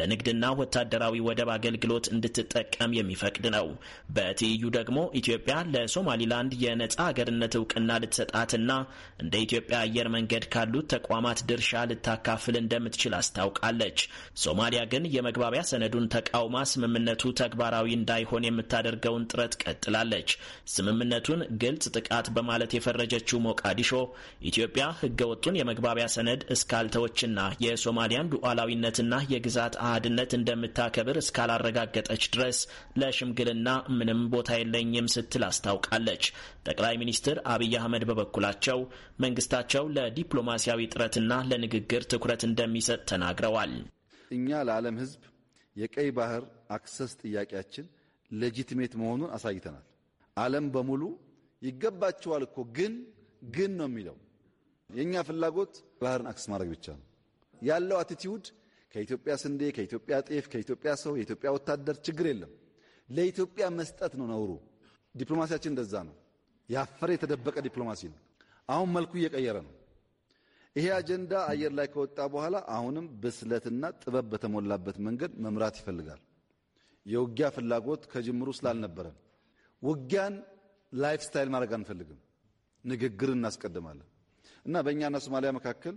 ለንግድና ወታደራዊ ወደብ አገልግሎት እንድትጠቀም የሚፈቅድ ነው። በትይዩ ደግሞ ኢትዮጵያ ለሶማሊላንድ የነፃ አገርነት እውቅና ልትሰጣትና እንደ ኢትዮጵያ አየር መንገድ ካሉት ተቋማት ድርሻ ልታካፍል እንደምትችል አስታውቃለች። ሶማሊያ ግን የመግባቢያ ሰነዱን ተቃውማ ስምምነቱ ተግባራዊ እንዳይሆን የምታደርገውን ጥረት ቀጥላለች። ስምምነቱን ግልጽ ጥቃት በማለት የፈረጀችው ሞቃዲሾ ኢትዮጵያ ህገወጡን የመግባቢያ ሰነድ እስካልተወችና የሶማሊያን ሉዓላዊነትና የግዛት አህድነት እንደምታከብር እስካላረጋገጠች ድረስ ለሽምግልና ምንም ቦታ የለኝም ስትል አስታውቃለች። ጠቅላይ ሚኒስትር አብይ አህመድ በበኩላቸው መንግስታቸው ለዲፕሎማሲያዊ ጥረትና ለንግግር ትኩረት እንደሚሰጥ ተናግረዋል። እኛ ለዓለም ህዝብ የቀይ ባህር አክሰስ ጥያቄያችን ሌጂቲሜት መሆኑን አሳይተናል። ዓለም በሙሉ ይገባቸዋል እኮ ግን ግን ነው የሚለው የእኛ ፍላጎት ባህርን አክሰስ ማድረግ ብቻ ነው ያለው አቲቲዩድ። ከኢትዮጵያ ስንዴ፣ ከኢትዮጵያ ጤፍ፣ ከኢትዮጵያ ሰው፣ የኢትዮጵያ ወታደር ችግር የለም። ለኢትዮጵያ መስጠት ነው ነውሩ። ዲፕሎማሲያችን እንደዛ ነው። ያፈረ የተደበቀ ዲፕሎማሲ ነው። አሁን መልኩ እየቀየረ ነው። ይሄ አጀንዳ አየር ላይ ከወጣ በኋላ አሁንም ብስለትና ጥበብ በተሞላበት መንገድ መምራት ይፈልጋል። የውጊያ ፍላጎት ከጅምሩ ስላልነበረን ውጊያን ላይፍ ስታይል ማድረግ አንፈልግም። ንግግር እናስቀድማለን እና በእኛና ሶማሊያ መካከል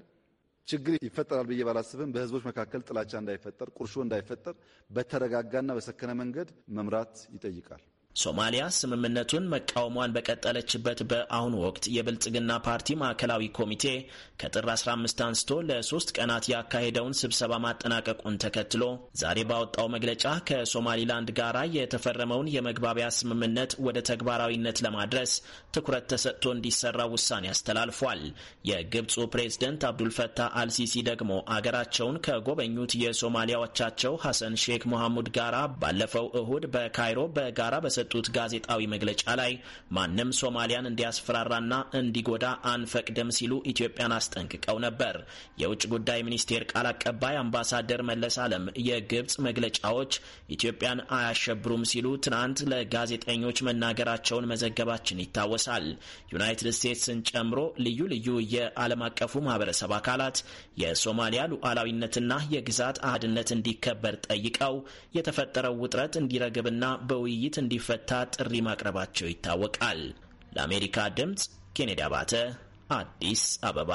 ችግር ይፈጠራል ብዬ ባላስብም በህዝቦች መካከል ጥላቻ እንዳይፈጠር፣ ቁርሾ እንዳይፈጠር በተረጋጋና በሰከነ መንገድ መምራት ይጠይቃል። ሶማሊያ ስምምነቱን መቃወሟን በቀጠለችበት በአሁኑ ወቅት የብልጽግና ፓርቲ ማዕከላዊ ኮሚቴ ከጥር 15 አንስቶ ለሶስት ቀናት ያካሄደውን ስብሰባ ማጠናቀቁን ተከትሎ ዛሬ ባወጣው መግለጫ ከሶማሊላንድ ጋር የተፈረመውን የመግባቢያ ስምምነት ወደ ተግባራዊነት ለማድረስ ትኩረት ተሰጥቶ እንዲሰራ ውሳኔ አስተላልፏል። የግብፁ ፕሬዝደንት አብዱልፈታህ አልሲሲ ደግሞ አገራቸውን ከጎበኙት የሶማሊያዎቻቸው ሐሰን ሼክ መሐሙድ ጋራ ባለፈው እሁድ በካይሮ በጋራ በሰ በሰጡት ጋዜጣዊ መግለጫ ላይ ማንም ሶማሊያን እንዲያስፈራራና እንዲጎዳ አንፈቅድም ሲሉ ኢትዮጵያን አስጠንቅቀው ነበር። የውጭ ጉዳይ ሚኒስቴር ቃል አቀባይ አምባሳደር መለስ አለም የግብፅ መግለጫዎች ኢትዮጵያን አያሸብሩም ሲሉ ትናንት ለጋዜጠኞች መናገራቸውን መዘገባችን ይታወሳል። ዩናይትድ ስቴትስን ጨምሮ ልዩ ልዩ የዓለም አቀፉ ማህበረሰብ አካላት የሶማሊያ ሉዓላዊነትና የግዛት አህድነት እንዲከበር ጠይቀው የተፈጠረው ውጥረት እንዲረግብና በውይይት እንዲፈ እንዲፈታ ጥሪ ማቅረባቸው ይታወቃል። ለአሜሪካ ድምፅ ኬኔዲ አባተ አዲስ አበባ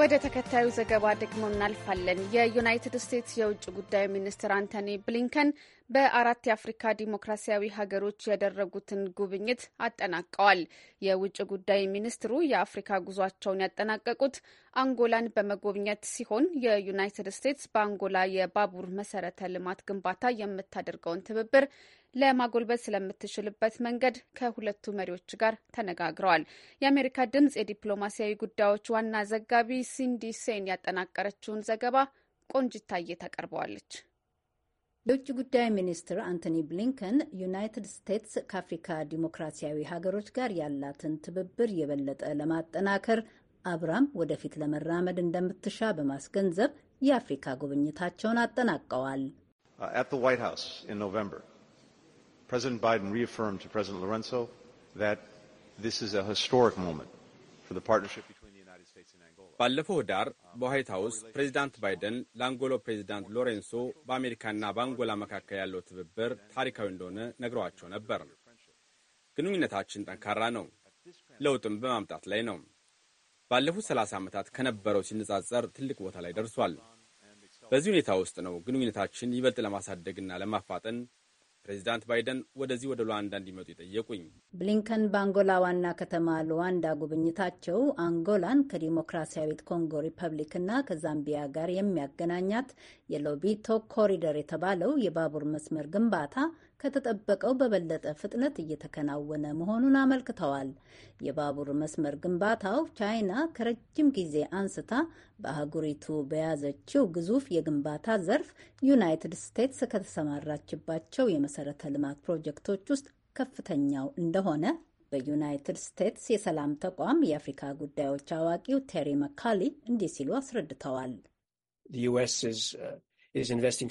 ወደ ተከታዩ ዘገባ ደግሞ እናልፋለን። የዩናይትድ ስቴትስ የውጭ ጉዳይ ሚኒስትር አንቶኒ ብሊንከን በአራት የአፍሪካ ዲሞክራሲያዊ ሀገሮች ያደረጉትን ጉብኝት አጠናቀዋል። የውጭ ጉዳይ ሚኒስትሩ የአፍሪካ ጉዟቸውን ያጠናቀቁት አንጎላን በመጎብኘት ሲሆን የዩናይትድ ስቴትስ በአንጎላ የባቡር መሰረተ ልማት ግንባታ የምታደርገውን ትብብር ለማጎልበት ስለምትችልበት መንገድ ከሁለቱ መሪዎች ጋር ተነጋግረዋል። የአሜሪካ ድምጽ የዲፕሎማሲያዊ ጉዳዮች ዋና ዘጋቢ ሲንዲ ሴን ያጠናቀረችውን ዘገባ ቆንጅታዬ ታቀርበዋለች። የውጭ ጉዳይ ሚኒስትር አንቶኒ ብሊንከን ዩናይትድ ስቴትስ ከአፍሪካ ዲሞክራሲያዊ ሀገሮች ጋር ያላትን ትብብር የበለጠ ለማጠናከር አብራም ወደፊት ለመራመድ እንደምትሻ በማስገንዘብ የአፍሪካ ጉብኝታቸውን አጠናቀዋል። uh, President Biden reaffirmed to President Lorenzo that this is a historic moment for the partnership between the United States and Angola. ባለፈው ኅዳር በዋይት ሀውስ ፕሬዚዳንት ባይደን ለአንጎሎ ፕሬዚዳንት ሎሬንሶ በአሜሪካና በአንጎላ መካከል ያለው ትብብር ታሪካዊ እንደሆነ ነግረዋቸው ነበር። ግንኙነታችን ጠንካራ ነው፣ ለውጥም በማምጣት ላይ ነው። ባለፉት 30 ዓመታት ከነበረው ሲነጻጸር ትልቅ ቦታ ላይ ደርሷል። በዚህ ሁኔታ ውስጥ ነው ግንኙነታችን ይበልጥ ለማሳደግና ለማፋጠን ፕሬዚዳንት ባይደን ወደዚህ ወደ ሉዋንዳ እንዲመጡ የጠየቁኝ። ብሊንከን በአንጎላ ዋና ከተማ ሉዋንዳ ጉብኝታቸው አንጎላን ከዲሞክራሲያዊት ኮንጎ ሪፐብሊክና ከዛምቢያ ጋር የሚያገናኛት የሎቢቶ ኮሪደር የተባለው የባቡር መስመር ግንባታ ከተጠበቀው በበለጠ ፍጥነት እየተከናወነ መሆኑን አመልክተዋል። የባቡር መስመር ግንባታው ቻይና ከረጅም ጊዜ አንስታ በአህጉሪቱ በያዘችው ግዙፍ የግንባታ ዘርፍ ዩናይትድ ስቴትስ ከተሰማራችባቸው የመሰረተ ልማት ፕሮጀክቶች ውስጥ ከፍተኛው እንደሆነ በዩናይትድ ስቴትስ የሰላም ተቋም የአፍሪካ ጉዳዮች አዋቂው ቴሪ መካሊ እንዲህ ሲሉ አስረድተዋል። ዩናይትድ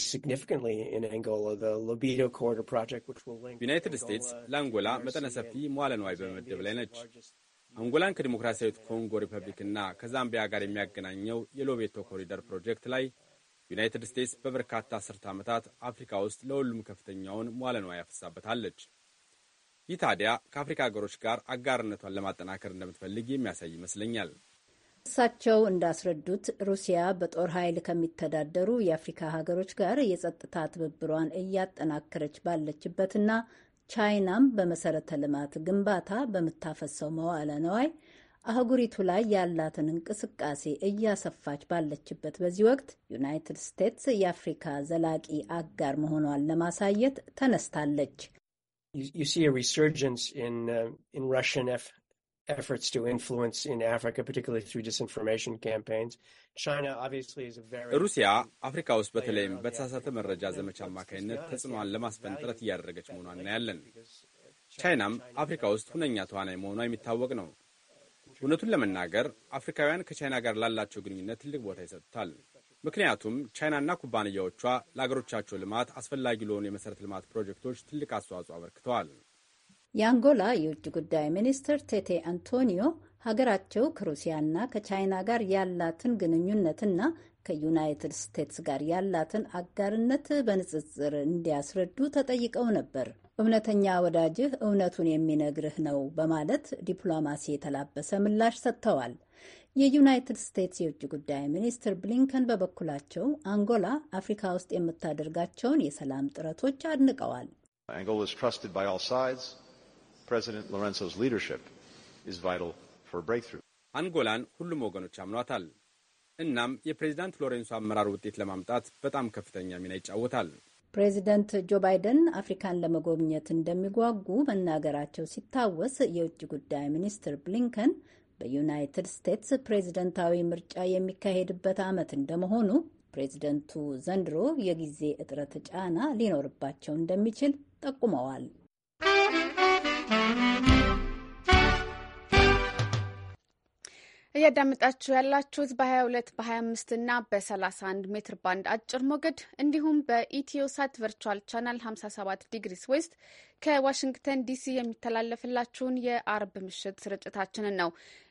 ስቴትስ ለአንጎላ መጠነ ሰፊ መዋለ ንዋይ በመመደብ ላይ ነች። አንጎላን ከዲሞክራሲያዊት ኮንጎ ሪፐብሊክና ከዛምቢያ ጋር የሚያገናኘው የሎቤቶ ኮሪደር ፕሮጀክት ላይ ዩናይትድ ስቴትስ በበርካታ አስርተ ዓመታት አፍሪካ ውስጥ ለሁሉም ከፍተኛውን መዋለ ንዋይ ያፈሳበታለች። ይህ ታዲያ ከአፍሪካ ሀገሮች ጋር አጋርነቷን ለማጠናከር እንደምትፈልግ የሚያሳይ ይመስለኛል። እሳቸው እንዳስረዱት ሩሲያ በጦር ኃይል ከሚተዳደሩ የአፍሪካ ሀገሮች ጋር የጸጥታ ትብብሯን እያጠናከረች ባለችበትና ቻይናም በመሰረተ ልማት ግንባታ በምታፈሰው መዋለ ነዋይ አህጉሪቱ ላይ ያላትን እንቅስቃሴ እያሰፋች ባለችበት በዚህ ወቅት ዩናይትድ ስቴትስ የአፍሪካ ዘላቂ አጋር መሆኗን ለማሳየት ተነስታለች። ሩሲያ አፍሪካ ውስጥ በተለይም በተሳሳተ መረጃ ዘመቻ አማካኝነት ተጽዕኖዋን ለማስፈን ጥረት እያደረገች መሆኗ እናያለን። ቻይናም አፍሪካ ውስጥ ሁነኛ ተዋናይ መሆኗ የሚታወቅ ነው። እውነቱን ለመናገር አፍሪካውያን ከቻይና ጋር ላላቸው ግንኙነት ትልቅ ቦታ ይሰጡታል። ምክንያቱም ቻይናና ኩባንያዎቿ ለአገሮቻቸው ልማት አስፈላጊ ለሆኑ የመሠረተ ልማት ፕሮጀክቶች ትልቅ አስተዋጽኦ አበርክተዋል። የአንጎላ የውጭ ጉዳይ ሚኒስትር ቴቴ አንቶኒዮ ሀገራቸው ከሩሲያና ከቻይና ጋር ያላትን ግንኙነትና ከዩናይትድ ስቴትስ ጋር ያላትን አጋርነት በንጽጽር እንዲያስረዱ ተጠይቀው ነበር። እውነተኛ ወዳጅህ እውነቱን የሚነግርህ ነው በማለት ዲፕሎማሲ የተላበሰ ምላሽ ሰጥተዋል። የዩናይትድ ስቴትስ የውጭ ጉዳይ ሚኒስትር ብሊንከን በበኩላቸው አንጎላ አፍሪካ ውስጥ የምታደርጋቸውን የሰላም ጥረቶች አድንቀዋል። President Lorenzo's leadership is vital for breakthrough. አንጎላን ሁሉም ወገኖች አምኗታል። እናም የፕሬዚዳንት ሎሬንሶ አመራር ውጤት ለማምጣት በጣም ከፍተኛ ሚና ይጫወታል። ፕሬዚደንት ጆ ባይደን አፍሪካን ለመጎብኘት እንደሚጓጉ መናገራቸው ሲታወስ የውጭ ጉዳይ ሚኒስትር ብሊንከን በዩናይትድ ስቴትስ ፕሬዚደንታዊ ምርጫ የሚካሄድበት ዓመት እንደመሆኑ ፕሬዚደንቱ ዘንድሮ የጊዜ እጥረት ጫና ሊኖርባቸው እንደሚችል ጠቁመዋል። እያዳመጣችሁ ያላችሁት በ22 በ25 እና በ31 ሜትር ባንድ አጭር ሞገድ እንዲሁም በኢትዮሳት ቨርቹዋል ቻናል 57 ዲግሪስ ዌስት ከዋሽንግተን ዲሲ የሚተላለፍላችሁን የአርብ ምሽት ስርጭታችንን ነው።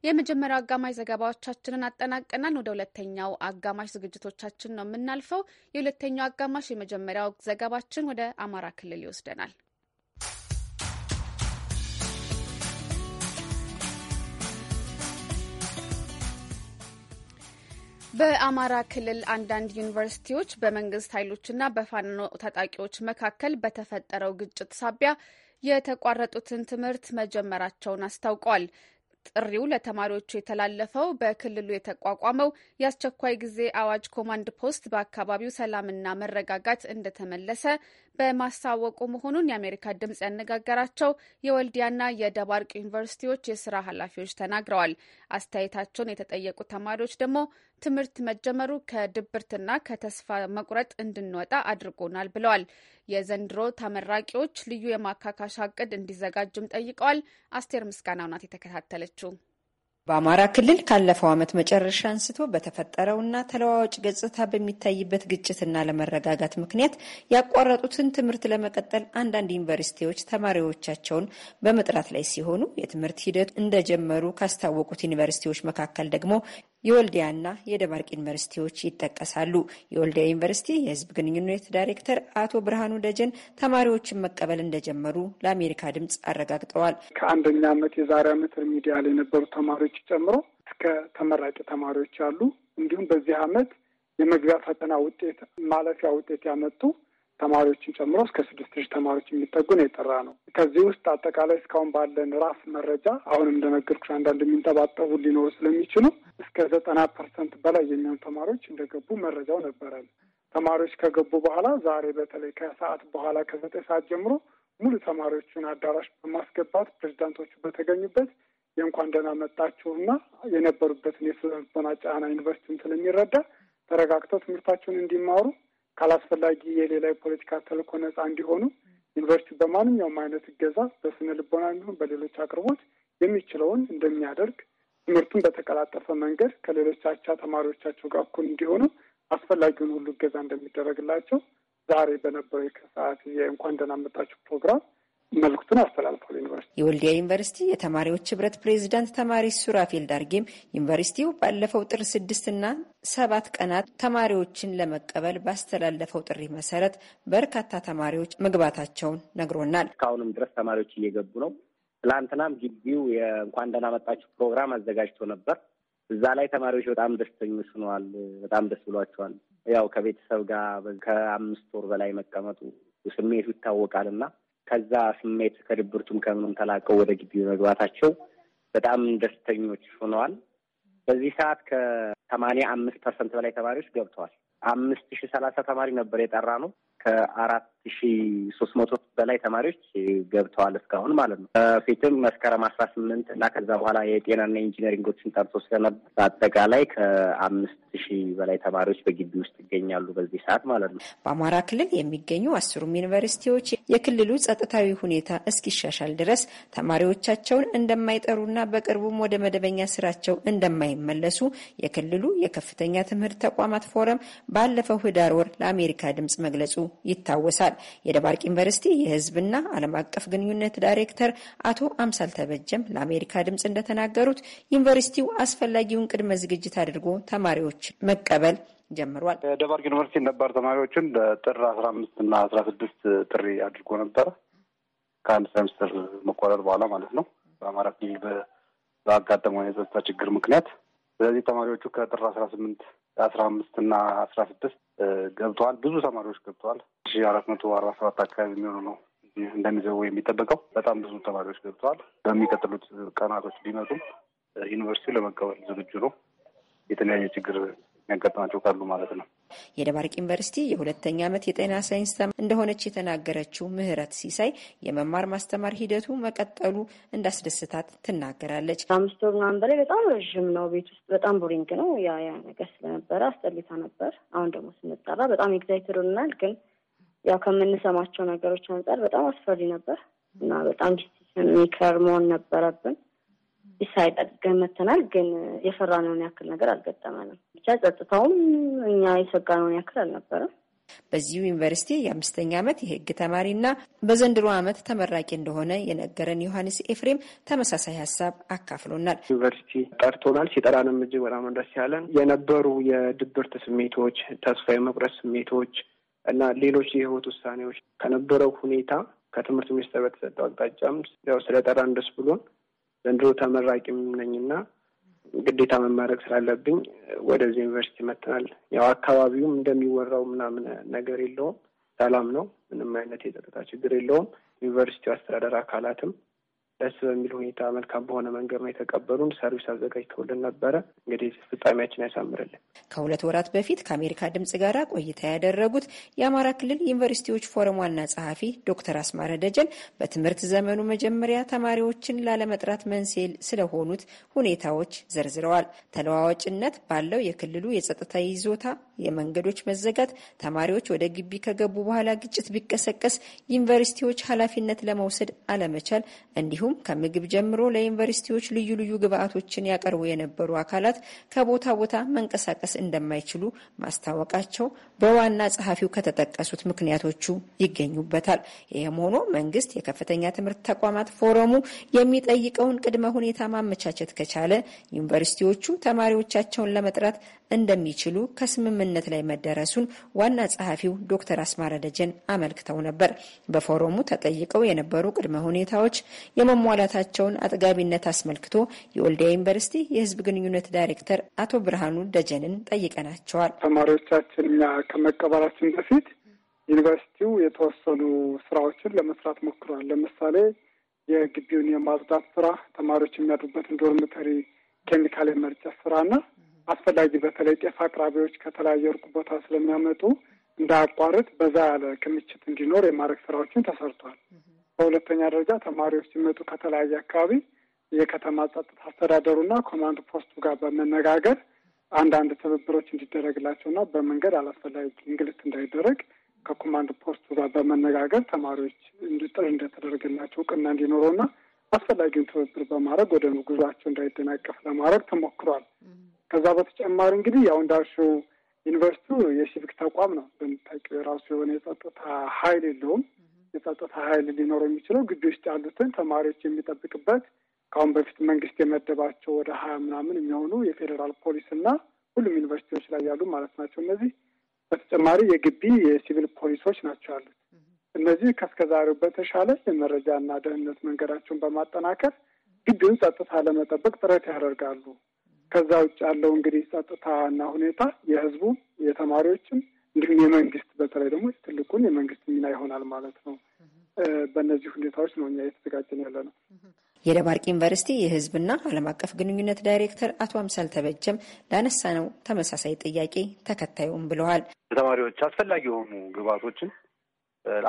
የመጀመሪያው አጋማሽ ዘገባዎቻችንን አጠናቀናል። ወደ ሁለተኛው አጋማሽ ዝግጅቶቻችን ነው የምናልፈው። የሁለተኛው አጋማሽ የመጀመሪያው ዘገባችን ወደ አማራ ክልል ይወስደናል። በአማራ ክልል አንዳንድ ዩኒቨርሲቲዎች በመንግስት ኃይሎችና በፋኖ ታጣቂዎች መካከል በተፈጠረው ግጭት ሳቢያ የተቋረጡትን ትምህርት መጀመራቸውን አስታውቀዋል። ጥሪው ለተማሪዎቹ የተላለፈው በክልሉ የተቋቋመው የአስቸኳይ ጊዜ አዋጅ ኮማንድ ፖስት በአካባቢው ሰላምና መረጋጋት እንደተመለሰ በማስታወቁ መሆኑን የአሜሪካ ድምጽ ያነጋገራቸው የወልዲያና የደባርቅ ዩኒቨርሲቲዎች የስራ ኃላፊዎች ተናግረዋል። አስተያየታቸውን የተጠየቁ ተማሪዎች ደግሞ ትምህርት መጀመሩ ከድብርትና ከተስፋ መቁረጥ እንድንወጣ አድርጎናል ብለዋል። የዘንድሮ ተመራቂዎች ልዩ የማካካሻ እቅድ እንዲዘጋጅም ጠይቀዋል። አስቴር ምስጋናው ናት የተከታተለችው። በአማራ ክልል ካለፈው ዓመት መጨረሻ አንስቶ በተፈጠረውና ተለዋዋጭ ገጽታ በሚታይበት ግጭትና ለመረጋጋት ምክንያት ያቋረጡትን ትምህርት ለመቀጠል አንዳንድ ዩኒቨርሲቲዎች ተማሪዎቻቸውን በመጥራት ላይ ሲሆኑ የትምህርት ሂደት እንደጀመሩ ካስታወቁት ዩኒቨርሲቲዎች መካከል ደግሞ የወልዲያና የደባርቅ ዩኒቨርሲቲዎች ይጠቀሳሉ። የወልዲያ ዩኒቨርሲቲ የህዝብ ግንኙነት ዳይሬክተር አቶ ብርሃኑ ደጀን ተማሪዎችን መቀበል እንደጀመሩ ለአሜሪካ ድምፅ አረጋግጠዋል። ከአንደኛ ዓመት የዛሬ ዓመት ሪሚዲያል የነበሩ ተማሪዎች ጨምሮ እስከ ተመራቂ ተማሪዎች አሉ። እንዲሁም በዚህ ዓመት የመግቢያ ፈተና ውጤት ማለፊያ ውጤት ያመጡ ተማሪዎችን ጨምሮ እስከ ስድስት ሺህ ተማሪዎች የሚጠጉን የጠራ ነው። ከዚህ ውስጥ አጠቃላይ እስካሁን ባለን ራስ መረጃ አሁን እንደነገርኩ አንዳንድ የሚንጠባጠቡ ሊኖሩ ስለሚችሉ እስከ ዘጠና ፐርሰንት በላይ የሚሆኑ ተማሪዎች እንደገቡ መረጃው ነበረን። ተማሪዎች ከገቡ በኋላ ዛሬ በተለይ ከሰዓት በኋላ ከዘጠኝ ሰዓት ጀምሮ ሙሉ ተማሪዎቹን አዳራሽ በማስገባት ፕሬዚዳንቶቹ በተገኙበት የእንኳን ደህና መጣችሁና የነበሩበትን የስነ ልቦና ጫና ስለሚረዳ ተረጋግተው ትምህርታቸውን እንዲማሩ ካላስፈላጊ የሌላ የፖለቲካ ተልእኮ ነጻ እንዲሆኑ ዩኒቨርሲቲ በማንኛውም አይነት እገዛ በስነ ልቦና እንዲሁም በሌሎች አቅርቦት የሚችለውን እንደሚያደርግ ትምህርቱን በተቀላጠፈ መንገድ ከሌሎች አቻ ተማሪዎቻቸው ጋር እኩል እንዲሆኑ አስፈላጊውን ሁሉ እገዛ እንደሚደረግላቸው ዛሬ በነበረው የከሰዓት የእንኳን ደህና መጣችሁ ፕሮግራም መልክቱን አስተላልፏል። ዩኒቨርሲቲ የወልዲያ ዩኒቨርሲቲ የተማሪዎች ህብረት ፕሬዚዳንት ተማሪ ሱራፌል ዳርጌም ዩኒቨርሲቲው ባለፈው ጥር ስድስትና ሰባት ቀናት ተማሪዎችን ለመቀበል ባስተላለፈው ጥሪ መሰረት በርካታ ተማሪዎች መግባታቸውን ነግሮናል። እስካሁንም ድረስ ተማሪዎች እየገቡ ነው። ትላንትናም ግቢው የእንኳን ደህና መጣችሁ ፕሮግራም አዘጋጅቶ ነበር። እዛ ላይ ተማሪዎች በጣም ደስተኞች ሆነዋል። በጣም ደስ ብሏቸዋል። ያው ከቤተሰብ ጋር ከአምስት ወር በላይ መቀመጡ ስሜቱ ይታወቃል እና ከዛ ስሜት ከድብርቱም ከምንም ተላቀው ወደ ግቢ መግባታቸው በጣም ደስተኞች ሆነዋል። በዚህ ሰዓት ከሰማንያ አምስት ፐርሰንት በላይ ተማሪዎች ገብተዋል። አምስት ሺ ሰላሳ ተማሪ ነበር የጠራ ነው ከአራት ሺ ሶስት መቶ በላይ ተማሪዎች ገብተዋል እስካሁን ማለት ነው። በፊትም መስከረም አስራ ስምንት እና ከዛ በኋላ የጤናና ኢንጂነሪንጎችን ጠርቶ ስለነበር በአጠቃላይ ከአምስት ሺ በላይ ተማሪዎች በግቢ ውስጥ ይገኛሉ በዚህ ሰዓት ማለት ነው። በአማራ ክልል የሚገኙ አስሩም ዩኒቨርሲቲዎች የክልሉ ጸጥታዊ ሁኔታ እስኪሻሻል ድረስ ተማሪዎቻቸውን እንደማይጠሩና በቅርቡም ወደ መደበኛ ስራቸው እንደማይመለሱ የክልሉ የከፍተኛ ትምህርት ተቋማት ፎረም ባለፈው ህዳር ወር ለአሜሪካ ድምጽ መግለጹ ይታወሳል። ገልጸዋል። የደባርቅ ዩኒቨርሲቲ የህዝብና ዓለም አቀፍ ግንኙነት ዳይሬክተር አቶ አምሳል ተበጀም ለአሜሪካ ድምፅ እንደተናገሩት ዩኒቨርሲቲው አስፈላጊውን ቅድመ ዝግጅት አድርጎ ተማሪዎች መቀበል ጀምሯል። ደባርቅ ዩኒቨርሲቲ ነባር ተማሪዎችን ለጥር አስራ አምስት እና አስራ ስድስት ጥሪ አድርጎ ነበረ ከአንድ ሰምስተር መቋረጥ በኋላ ማለት ነው በአማራ ክልል በአጋጠመው የጸጥታ ችግር ምክንያት። ስለዚህ ተማሪዎቹ ከጥር አስራ ስምንት አስራ አምስት እና አስራ ስድስት ገብተዋል። ብዙ ተማሪዎች ገብተዋል። ሺ አራት መቶ አርባ ሰባት አካባቢ የሚሆኑ ነው እንደሚዘው የሚጠበቀው። በጣም ብዙ ተማሪዎች ገብተዋል። በሚቀጥሉት ቀናቶች ቢመጡም ዩኒቨርሲቲው ለመቀበል ዝግጁ ነው። የተለያየ ችግር የሚያጋጥማቸው ካሉ ማለት ነው። የደባርቅ ዩኒቨርሲቲ የሁለተኛ ዓመት የጤና ሳይንስ እንደሆነች የተናገረችው ምህረት ሲሳይ የመማር ማስተማር ሂደቱ መቀጠሉ እንዳስደስታት ትናገራለች። አምስት ወር ምናምን በላይ በጣም ረዥም ነው። ቤት ውስጥ በጣም ቦሪንግ ነው። ያ ያ ነገር ስለነበረ አስጠሊታ ነበር። አሁን ደግሞ ስንጠራ በጣም ኤግዛይትድ ሆናል። ግን ያው ከምንሰማቸው ነገሮች አንጻር በጣም አስፈሪ ነበር እና በጣም ዲሲሽን ሜከር መሆን ነበረብን ዲሳይድ መተናል። ግን የፈራነውን ያክል ነገር አልገጠመንም። ብቻ ጸጥታውም እኛ የሰጋነውን ያክል አልነበረም። በዚሁ ዩኒቨርሲቲ የአምስተኛ ዓመት የሕግ ተማሪና በዘንድሮ ዓመት ተመራቂ እንደሆነ የነገረን ዮሐንስ ኤፍሬም ተመሳሳይ ሀሳብ አካፍሎናል። ዩኒቨርሲቲ ጠርቶናል። ሲጠራንም እጅግ በጣም ደስ ያለን የነበሩ የድብርት ስሜቶች፣ ተስፋ የመቁረጥ ስሜቶች እና ሌሎች የህይወት ውሳኔዎች ከነበረው ሁኔታ ከትምህርት ሚኒስቴር በተሰጠው አቅጣጫም ያው ስለጠራን ደስ ብሎን ዘንድሮ ተመራቂም ነኝና ግዴታ መመረቅ ስላለብኝ ወደዚህ ዩኒቨርሲቲ መጥተናል። ያው አካባቢውም እንደሚወራው ምናምን ነገር የለውም፣ ሰላም ነው፣ ምንም አይነት የጸጥታ ችግር የለውም። ዩኒቨርሲቲው አስተዳደር አካላትም ደስ በሚል ሁኔታ መልካም በሆነ መንገድ ነው የተቀበሉን። ሰርቪስ አዘጋጅተውልን ነበረ። እንግዲህ ፍጻሜያችን ያሳምርልን። ከሁለት ወራት በፊት ከአሜሪካ ድምጽ ጋር ቆይታ ያደረጉት የአማራ ክልል ዩኒቨርሲቲዎች ፎረም ዋና ጸሐፊ ዶክተር አስማረ ደጀን በትምህርት ዘመኑ መጀመሪያ ተማሪዎችን ላለመጥራት መንስኤ ስለሆኑት ሁኔታዎች ዘርዝረዋል። ተለዋዋጭነት ባለው የክልሉ የጸጥታ ይዞታ፣ የመንገዶች መዘጋት፣ ተማሪዎች ወደ ግቢ ከገቡ በኋላ ግጭት ቢቀሰቀስ ዩኒቨርሲቲዎች ኃላፊነት ለመውሰድ አለመቻል እንዲሁም እንዲሁም ከምግብ ጀምሮ ለዩኒቨርሲቲዎች ልዩ ልዩ ግብዓቶችን ያቀርቡ የነበሩ አካላት ከቦታ ቦታ መንቀሳቀስ እንደማይችሉ ማስታወቃቸው በዋና ጸሐፊው ከተጠቀሱት ምክንያቶቹ ይገኙበታል። ይህም ሆኖ መንግስት የከፍተኛ ትምህርት ተቋማት ፎረሙ የሚጠይቀውን ቅድመ ሁኔታ ማመቻቸት ከቻለ ዩኒቨርሲቲዎቹ ተማሪዎቻቸውን ለመጥራት እንደሚችሉ ከስምምነት ላይ መደረሱን ዋና ጸሐፊው ዶክተር አስማረ ደጀን አመልክተው ነበር። በፎረሙ ተጠይቀው የነበሩ ቅድመ ሁኔታዎች መሟላታቸውን አጥጋቢነት አስመልክቶ የወልዲያ ዩኒቨርሲቲ የህዝብ ግንኙነት ዳይሬክተር አቶ ብርሃኑ ደጀንን ጠይቀናቸዋል። ተማሪዎቻችን እኛ ከመቀበላችን በፊት ዩኒቨርሲቲው የተወሰኑ ስራዎችን ለመስራት ሞክረዋል። ለምሳሌ የግቢውን የማጽዳት ስራ፣ ተማሪዎች የሚያድሩበትን ዶርምተሪ ኬሚካል የመርጨት ስራና አስፈላጊ በተለይ ጤፍ አቅራቢዎች ከተለያየ ርቁ ቦታ ስለሚያመጡ እንዳያቋርጥ በዛ ያለ ክምችት እንዲኖር የማድረግ ስራዎችን ተሰርቷል። በሁለተኛ ደረጃ ተማሪዎች ሲመጡ ከተለያየ አካባቢ የከተማ ጸጥታ አስተዳደሩና ኮማንድ ፖስቱ ጋር በመነጋገር አንዳንድ ትብብሮች እንዲደረግላቸውና በመንገድ አላስፈላጊ እንግልት እንዳይደረግ ከኮማንድ ፖስቱ ጋር በመነጋገር ተማሪዎች እንዲጥር እንደተደረገላቸው እውቅና እንዲኖረውና አስፈላጊውን ትብብር በማድረግ ወደ ጉዟቸው እንዳይደናቀፍ ለማድረግ ተሞክሯል። ከዛ በተጨማሪ እንግዲህ ያው እንዳልሽው ዩኒቨርሲቲው የሲቪክ ተቋም ነው። በምታውቂው የራሱ የሆነ የጸጥታ ኃይል የለውም። የጸጥታ ኃይል ሊኖረው የሚችለው ግቢ ውስጥ ያሉትን ተማሪዎች የሚጠብቅበት ከአሁን በፊት መንግስት የመደባቸው ወደ ሀያ ምናምን የሚሆኑ የፌዴራል ፖሊስ እና ሁሉም ዩኒቨርሲቲዎች ላይ ያሉ ማለት ናቸው። እነዚህ በተጨማሪ የግቢ የሲቪል ፖሊሶች ናቸው ያሉት። እነዚህ ከስከዛሬው በተሻለ የመረጃና ደህንነት መንገዳቸውን በማጠናከር ግቢውን ጸጥታ ለመጠበቅ ጥረት ያደርጋሉ። ከዛ ውጭ ያለው እንግዲህ እና ሁኔታ የህዝቡም የተማሪዎችም እንዲሁም የመንግስት በተለይ ደግሞ ትልቁን የመንግስት ሚና ይሆናል ማለት ነው። በእነዚህ ሁኔታዎች ነው እኛ እየተዘጋጀን ያለ ነው። የደባርቅ ዩኒቨርሲቲ የህዝብና ዓለም አቀፍ ግንኙነት ዳይሬክተር አቶ አምሳል ተበጀም ላነሳነው ተመሳሳይ ጥያቄ ተከታዩም ብለዋል። ለተማሪዎች አስፈላጊ የሆኑ ግብዓቶችን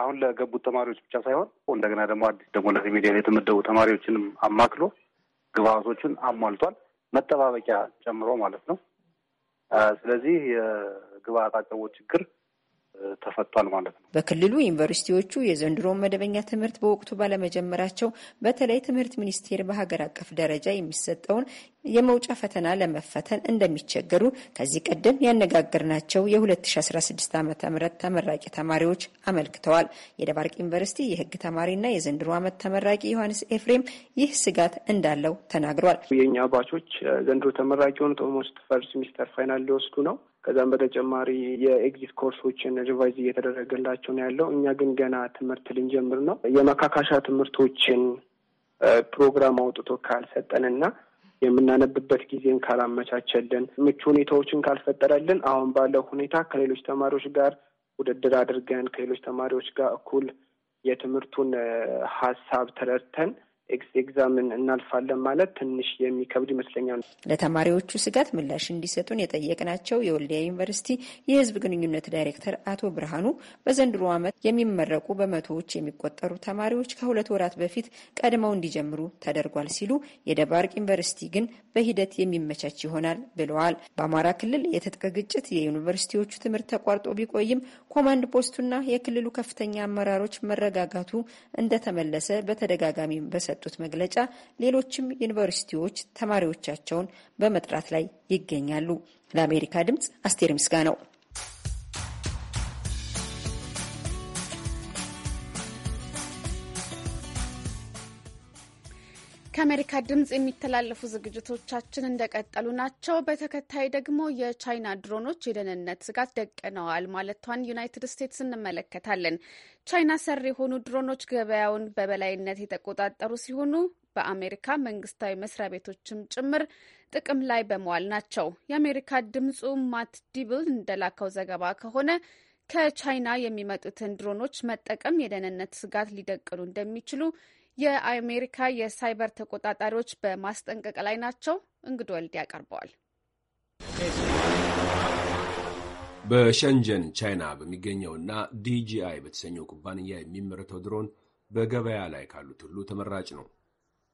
አሁን ለገቡት ተማሪዎች ብቻ ሳይሆን እንደገና ደግሞ አዲስ ደግሞ ለዚህ ሚዲያ የተመደቡ ተማሪዎችንም አማክሎ ግብዓቶቹን አሟልቷል። መጠባበቂያ ጨምሮ ማለት ነው። ስለዚህ ግብአት አቅርቦት ችግር ተፈቷል ማለት ነው። በክልሉ ዩኒቨርሲቲዎቹ የዘንድሮውን መደበኛ ትምህርት በወቅቱ ባለመጀመራቸው በተለይ ትምህርት ሚኒስቴር በሀገር አቀፍ ደረጃ የሚሰጠውን የመውጫ ፈተና ለመፈተን እንደሚቸገሩ ከዚህ ቀደም ያነጋገርናቸው የ2016 ዓ ም ተመራቂ ተማሪዎች አመልክተዋል። የደባርቅ ዩኒቨርሲቲ የሕግ ተማሪና የዘንድሮ ዓመት ተመራቂ ዮሐንስ ኤፍሬም ይህ ስጋት እንዳለው ተናግሯል። የእኛ ባቾች ዘንድሮ ተመራቂ የሆኑት ኦልሞስት ፈርስት ሚስተር ፋይናል ሊወስዱ ነው ከዛም በተጨማሪ የኤግዚት ኮርሶችን ሪቫይዝ እየተደረገላቸው ነው ያለው። እኛ ግን ገና ትምህርት ልንጀምር ነው። የመካካሻ ትምህርቶችን ፕሮግራም አውጥቶ ካልሰጠንና የምናነብበት ጊዜን ካላመቻቸልን፣ ምቹ ሁኔታዎችን ካልፈጠረልን አሁን ባለው ሁኔታ ከሌሎች ተማሪዎች ጋር ውድድር አድርገን ከሌሎች ተማሪዎች ጋር እኩል የትምህርቱን ሀሳብ ተረድተን ኤግዛምን እናልፋለን ማለት ትንሽ የሚከብድ ይመስለኛል። ለተማሪዎቹ ስጋት ምላሽ እንዲሰጡን የጠየቅናቸው የወልዲያ ዩኒቨርሲቲ የሕዝብ ግንኙነት ዳይሬክተር አቶ ብርሃኑ በዘንድሮ ዓመት የሚመረቁ በመቶዎች የሚቆጠሩ ተማሪዎች ከሁለት ወራት በፊት ቀድመው እንዲጀምሩ ተደርጓል ሲሉ የደባርቅ ዩኒቨርሲቲ ግን በሂደት የሚመቻች ይሆናል ብለዋል። በአማራ ክልል የትጥቅ ግጭት የዩኒቨርሲቲዎቹ ትምህርት ተቋርጦ ቢቆይም ኮማንድ ፖስቱና የክልሉ ከፍተኛ አመራሮች መረጋጋቱ እንደተመለሰ በተደጋጋሚ በሰ በሰጡት መግለጫ ሌሎችም ዩኒቨርሲቲዎች ተማሪዎቻቸውን በመጥራት ላይ ይገኛሉ። ለአሜሪካ ድምጽ አስቴር ምስጋ ነው። ከአሜሪካ ድምፅ የሚተላለፉ ዝግጅቶቻችን እንደቀጠሉ ናቸው። በተከታይ ደግሞ የቻይና ድሮኖች የደህንነት ስጋት ደቅነዋል ማለቷን ዩናይትድ ስቴትስ እንመለከታለን። ቻይና ሰር የሆኑ ድሮኖች ገበያውን በበላይነት የተቆጣጠሩ ሲሆኑ በአሜሪካ መንግስታዊ መስሪያ ቤቶችም ጭምር ጥቅም ላይ በመዋል ናቸው። የአሜሪካ ድምፁ ማት ዲብል እንደላከው ዘገባ ከሆነ ከቻይና የሚመጡትን ድሮኖች መጠቀም የደህንነት ስጋት ሊደቅኑ እንደሚችሉ የአሜሪካ የሳይበር ተቆጣጣሪዎች በማስጠንቀቅ ላይ ናቸው። እንግዶ ወልድ ያቀርበዋል። በሸንጀን ቻይና በሚገኘውና ዲጂአይ በተሰኘው ኩባንያ የሚመረተው ድሮን በገበያ ላይ ካሉት ሁሉ ተመራጭ ነው።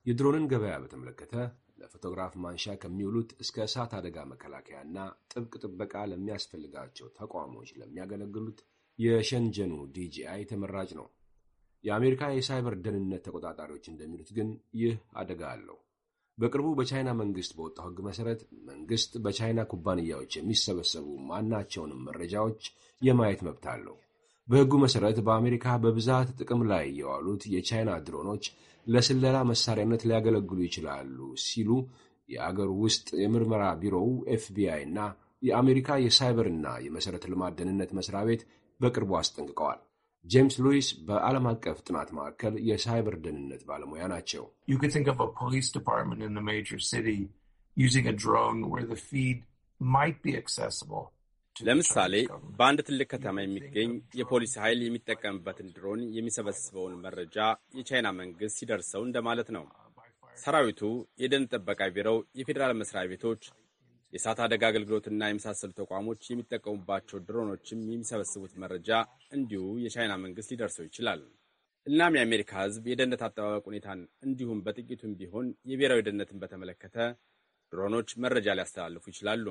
የድሮንን ገበያ በተመለከተ ለፎቶግራፍ ማንሻ ከሚውሉት እስከ እሳት አደጋ መከላከያና ጥብቅ ጥበቃ ለሚያስፈልጋቸው ተቋሞች ለሚያገለግሉት የሸንጀኑ ዲጂአይ ተመራጭ ነው። የአሜሪካ የሳይበር ደህንነት ተቆጣጣሪዎች እንደሚሉት ግን ይህ አደጋ አለው። በቅርቡ በቻይና መንግስት በወጣው ህግ መሰረት መንግስት በቻይና ኩባንያዎች የሚሰበሰቡ ማናቸውንም መረጃዎች የማየት መብት አለው። በህጉ መሰረት በአሜሪካ በብዛት ጥቅም ላይ የዋሉት የቻይና ድሮኖች ለስለላ መሳሪያነት ሊያገለግሉ ይችላሉ ሲሉ የአገር ውስጥ የምርመራ ቢሮው ኤፍቢአይ እና የአሜሪካ የሳይበርና የመሠረተ ልማት ደህንነት መስሪያ ቤት በቅርቡ አስጠንቅቀዋል። ጄምስ ሉዊስ በዓለም አቀፍ ጥናት ማዕከል የሳይበር ደህንነት ባለሙያ ናቸው። ለምሳሌ በአንድ ትልቅ ከተማ የሚገኝ የፖሊስ ኃይል የሚጠቀምበትን ድሮን የሚሰበስበውን መረጃ የቻይና መንግስት ሲደርሰው እንደማለት ነው። ሰራዊቱ፣ የደን ጥበቃ ቢሮው፣ የፌዴራል መስሪያ ቤቶች የእሳት አደጋ አገልግሎትና የመሳሰሉ ተቋሞች የሚጠቀሙባቸው ድሮኖችም የሚሰበስቡት መረጃ እንዲሁ የቻይና መንግስት ሊደርሰው ይችላል። እናም የአሜሪካ ህዝብ የደህንነት አጠባበቅ ሁኔታን እንዲሁም በጥቂቱም ቢሆን የብሔራዊ ደህንነትን በተመለከተ ድሮኖች መረጃ ሊያስተላልፉ ይችላሉ።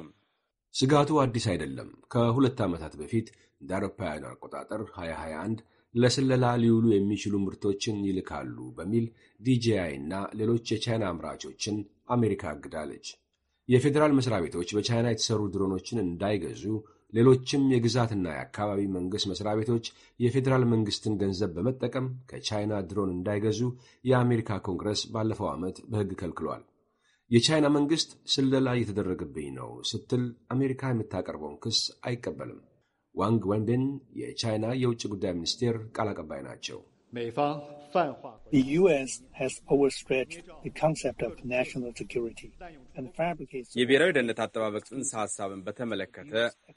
ስጋቱ አዲስ አይደለም። ከሁለት ዓመታት በፊት እንደ አውሮፓውያኑ አቆጣጠር 2021 ለስለላ ሊውሉ የሚችሉ ምርቶችን ይልካሉ በሚል ዲጂአይ እና ሌሎች የቻይና አምራቾችን አሜሪካ አግዳለች። የፌዴራል መስሪያ ቤቶች በቻይና የተሰሩ ድሮኖችን እንዳይገዙ፣ ሌሎችም የግዛትና የአካባቢ መንግሥት መስሪያ ቤቶች የፌዴራል መንግሥትን ገንዘብ በመጠቀም ከቻይና ድሮን እንዳይገዙ የአሜሪካ ኮንግረስ ባለፈው ዓመት በሕግ ከልክሏል። የቻይና መንግሥት ስለላ እየተደረገብኝ ነው ስትል አሜሪካ የምታቀርበውን ክስ አይቀበልም። ዋንግ ወንቤን የቻይና የውጭ ጉዳይ ሚኒስቴር ቃል አቀባይ ናቸው። The U.S. has overstretched the concept of national security and fabricates. የብሔራዊ ደህንነት አጠባበቅ ጽንሰ ሀሳብን በተመለከተ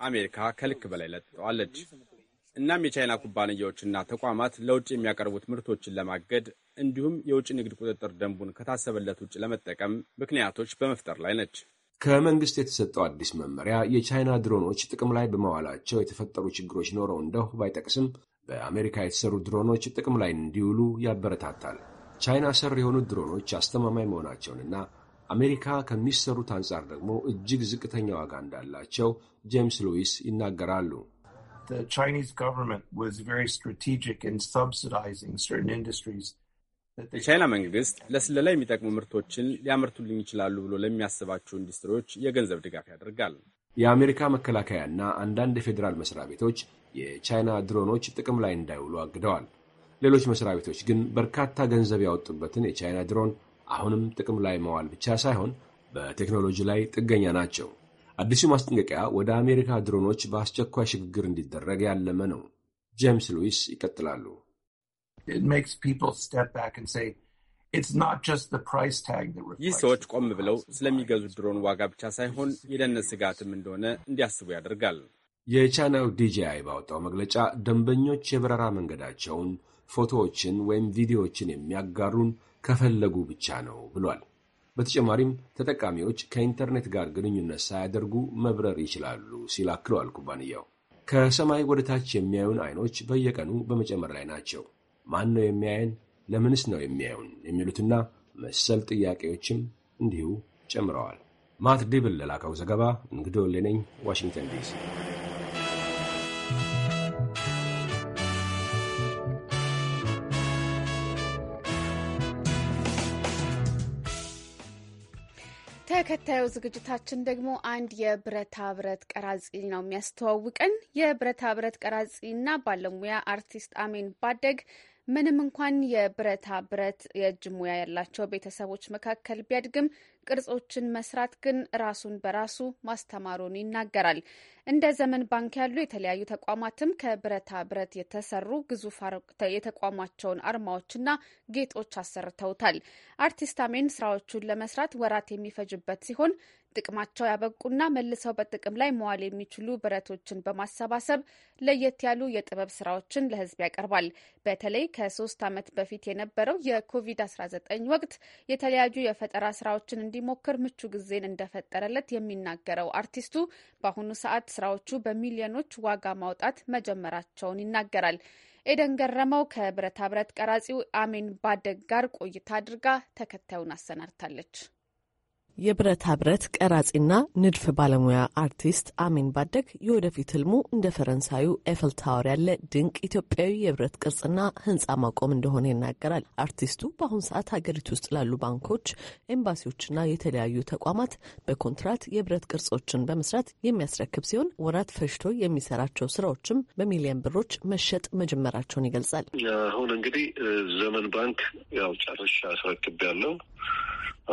አሜሪካ ከልክ በላይ ለጥጠዋለች። እናም የቻይና ኩባንያዎችና ተቋማት ለውጭ የሚያቀርቡት ምርቶችን ለማገድ እንዲሁም የውጭ ንግድ ቁጥጥር ደንቡን ከታሰበለት ውጭ ለመጠቀም ምክንያቶች በመፍጠር ላይ ነች። ከመንግስት የተሰጠው አዲስ መመሪያ የቻይና ድሮኖች ጥቅም ላይ በመዋላቸው የተፈጠሩ ችግሮች ኖረው እንደሁ ባይጠቅስም በአሜሪካ የተሰሩ ድሮኖች ጥቅም ላይ እንዲውሉ ያበረታታል። ቻይና ሰር የሆኑት ድሮኖች አስተማማኝ መሆናቸውንና አሜሪካ ከሚሰሩት አንጻር ደግሞ እጅግ ዝቅተኛ ዋጋ እንዳላቸው ጄምስ ሉዊስ ይናገራሉ። የቻይና መንግስት ለስለላ የሚጠቅሙ ምርቶችን ሊያመርቱልኝ ይችላሉ ብሎ ለሚያስባቸው ኢንዱስትሪዎች የገንዘብ ድጋፍ ያደርጋል። የአሜሪካ መከላከያና አንዳንድ የፌዴራል መስሪያ ቤቶች የቻይና ድሮኖች ጥቅም ላይ እንዳይውሉ አግደዋል። ሌሎች መስሪያ ቤቶች ግን በርካታ ገንዘብ ያወጡበትን የቻይና ድሮን አሁንም ጥቅም ላይ መዋል ብቻ ሳይሆን በቴክኖሎጂ ላይ ጥገኛ ናቸው። አዲሱ ማስጠንቀቂያ ወደ አሜሪካ ድሮኖች በአስቸኳይ ሽግግር እንዲደረግ ያለመ ነው። ጄምስ ሉዊስ ይቀጥላሉ። ይህ ሰዎች ቆም ብለው ስለሚገዙት ድሮን ዋጋ ብቻ ሳይሆን የደህንነት ስጋትም እንደሆነ እንዲያስቡ ያደርጋል። የቻይናው ዲጂአይ ባወጣው መግለጫ ደንበኞች የበረራ መንገዳቸውን፣ ፎቶዎችን ወይም ቪዲዮዎችን የሚያጋሩን ከፈለጉ ብቻ ነው ብሏል። በተጨማሪም ተጠቃሚዎች ከኢንተርኔት ጋር ግንኙነት ሳያደርጉ መብረር ይችላሉ ሲል አክለዋል። ኩባንያው ከሰማይ ወደ ታች የሚያዩን አይኖች በየቀኑ በመጨመር ላይ ናቸው። ማን ነው የሚያየን? ለምንስ ነው የሚያዩን? የሚሉትና መሰል ጥያቄዎችም እንዲሁ ጨምረዋል። ማት ዲብል ለላከው ዘገባ እንግዶ ሌነኝ ዋሽንግተን ዲሲ ተከታዩ ዝግጅታችን ደግሞ አንድ የብረታ ብረት ቀራጺ ነው የሚያስተዋውቀን። የብረታ ብረት ቀራጺና ባለሙያ አርቲስት አሜን ባደግ ምንም እንኳን የብረታ ብረት የእጅ ሙያ ያላቸው ቤተሰቦች መካከል ቢያድግም ቅርጾችን መስራት ግን ራሱን በራሱ ማስተማሩን ይናገራል። እንደ ዘመን ባንክ ያሉ የተለያዩ ተቋማትም ከብረታ ብረት የተሰሩ ግዙፍ የተቋማቸውን አርማዎችና ጌጦች አሰርተውታል። አርቲስት አሜን ስራዎቹን ለመስራት ወራት የሚፈጅበት ሲሆን ጥቅማቸው ያበቁና መልሰው በጥቅም ላይ መዋል የሚችሉ ብረቶችን በማሰባሰብ ለየት ያሉ የጥበብ ስራዎችን ለሕዝብ ያቀርባል። በተለይ ከሶስት ዓመት በፊት የነበረው የኮቪድ-19 ወቅት የተለያዩ የፈጠራ ስራዎችን እንዲሞክር ምቹ ጊዜን እንደፈጠረለት የሚናገረው አርቲስቱ በአሁኑ ሰዓት ስራዎቹ በሚሊዮኖች ዋጋ ማውጣት መጀመራቸውን ይናገራል። ኤደን ገረመው ከብረታ ብረት ቀራጺው አሜን ባደግ ጋር ቆይታ አድርጋ ተከታዩን አሰናድታለች። የብረታ ብረት ቀራጺና ንድፍ ባለሙያ አርቲስት አሚን ባደግ የወደፊት ህልሙ እንደ ፈረንሳዩ ኤፍል ታወር ያለ ድንቅ ኢትዮጵያዊ የብረት ቅርጽና ህንፃ ማቆም እንደሆነ ይናገራል። አርቲስቱ በአሁኑ ሰዓት ሀገሪቱ ውስጥ ላሉ ባንኮች፣ ኤምባሲዎችና የተለያዩ ተቋማት በኮንትራት የብረት ቅርጾችን በመስራት የሚያስረክብ ሲሆን ወራት ፈሽቶ የሚሰራቸው ስራዎችም በሚሊዮን ብሮች መሸጥ መጀመራቸውን ይገልጻል። አሁን እንግዲህ ዘመን ባንክ ያው ጨርሼ አስረክብ ያለው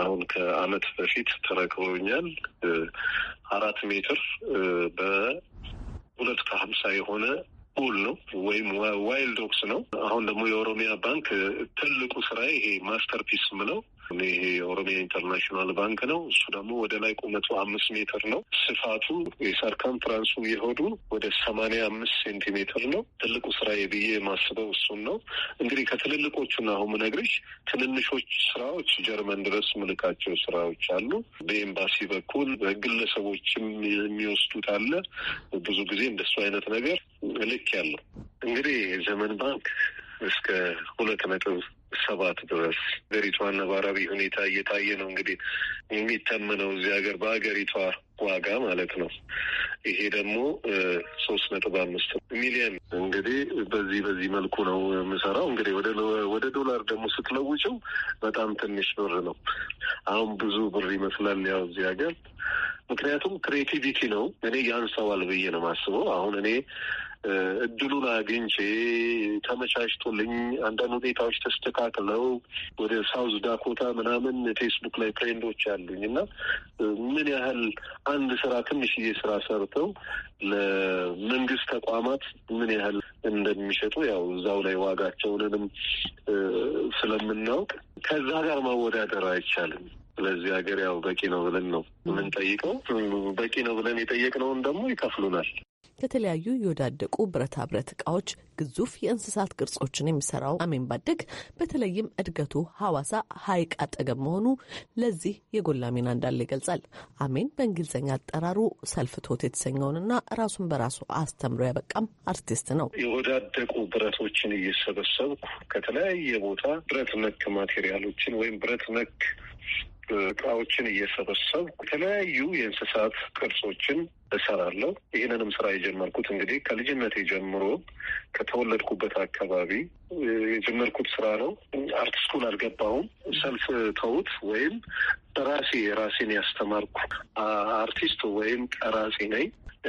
አሁን ከአመት በፊት ተረክበውኛል። አራት ሜትር በሁለት ከሀምሳ የሆነ ፑል ነው ወይም ዋይልድ ኦክስ ነው። አሁን ደግሞ የኦሮሚያ ባንክ ትልቁ ስራ ይሄ ማስተርፒስ ምለው ይሄ የኦሮሚያ ኢንተርናሽናል ባንክ ነው። እሱ ደግሞ ወደ ላይ ቁመቱ አምስት ሜትር ነው። ስፋቱ የሰርከምፍራንሱ የሆዱ ወደ ሰማንያ አምስት ሴንቲሜትር ነው። ትልቁ ስራዬ ብዬ የማስበው እሱን ነው። እንግዲህ ከትልልቆቹና አሁን ምነግርሽ ትንንሾች ስራዎች ጀርመን ድረስ ምልካቸው ስራዎች አሉ። በኤምባሲ በኩል ግለሰቦችም የሚወስዱት አለ። ብዙ ጊዜ እንደሱ አይነት ነገር ልክ ያለው እንግዲህ ዘመን ባንክ እስከ ሁለት ነጥብ ሰባት ድረስ ሀገሪቷ ነባራዊ ሁኔታ እየታየ ነው እንግዲህ የሚታመነው እዚህ ሀገር በሀገሪቷ ዋጋ ማለት ነው። ይሄ ደግሞ ሶስት ነጥብ አምስት ሚሊዮን እንግዲህ በዚህ በዚህ መልኩ ነው የምሰራው። እንግዲህ ወደ ዶላር ደግሞ ስትለውጭው በጣም ትንሽ ብር ነው። አሁን ብዙ ብር ይመስላል ያው እዚህ ሀገር ምክንያቱም ክሬቲቪቲ ነው። እኔ ያንሰዋል ብዬ ነው የማስበው። አሁን እኔ እድሉን አግኝቼ ተመቻችቶልኝ አንዳንድ ሁኔታዎች ተስተካክለው ወደ ሳውዝ ዳኮታ ምናምን ፌስቡክ ላይ ፍሬንዶች አሉኝ እና ምን ያህል አንድ ስራ ትንሽዬ ስራ ሰርተው ለመንግስት ተቋማት ምን ያህል እንደሚሸጡ ያው እዛው ላይ ዋጋቸውንንም ስለምናውቅ ከዛ ጋር ማወዳደር አይቻልም። ስለዚህ ሀገር ያው በቂ ነው ብለን ነው የምንጠይቀው። በቂ ነው ብለን የጠየቅነውን ደግሞ ይከፍሉናል። ከተለያዩ የወዳደቁ ብረታ ብረት እቃዎች ግዙፍ የእንስሳት ቅርጾችን የሚሰራው አሜን ባድግ በተለይም እድገቱ ሐዋሳ ሐይቅ አጠገብ መሆኑ ለዚህ የጎላ ሚና እንዳለ ይገልጻል። አሜን በእንግሊዝኛ አጠራሩ ሰልፍቶት የተሰኘውንና ራሱን በራሱ አስተምሮ ያበቃም አርቲስት ነው። የወዳደቁ ብረቶችን እየሰበሰብኩ ከተለያየ ቦታ ብረት ነክ ማቴሪያሎችን ወይም ብረት ነክ እቃዎችን እየሰበሰብኩ የተለያዩ የእንስሳት ቅርጾችን እሰራለሁ። ይህንንም ስራ የጀመርኩት እንግዲህ ከልጅነቴ ጀምሮ ከተወለድኩበት አካባቢ የጀመርኩት ስራ ነው። አርት ስኩል አልገባሁም። ሰልፍ ተውት ወይም በራሴ ራሴን ያስተማርኩ አርቲስት ወይም ቀራጺ ነኝ።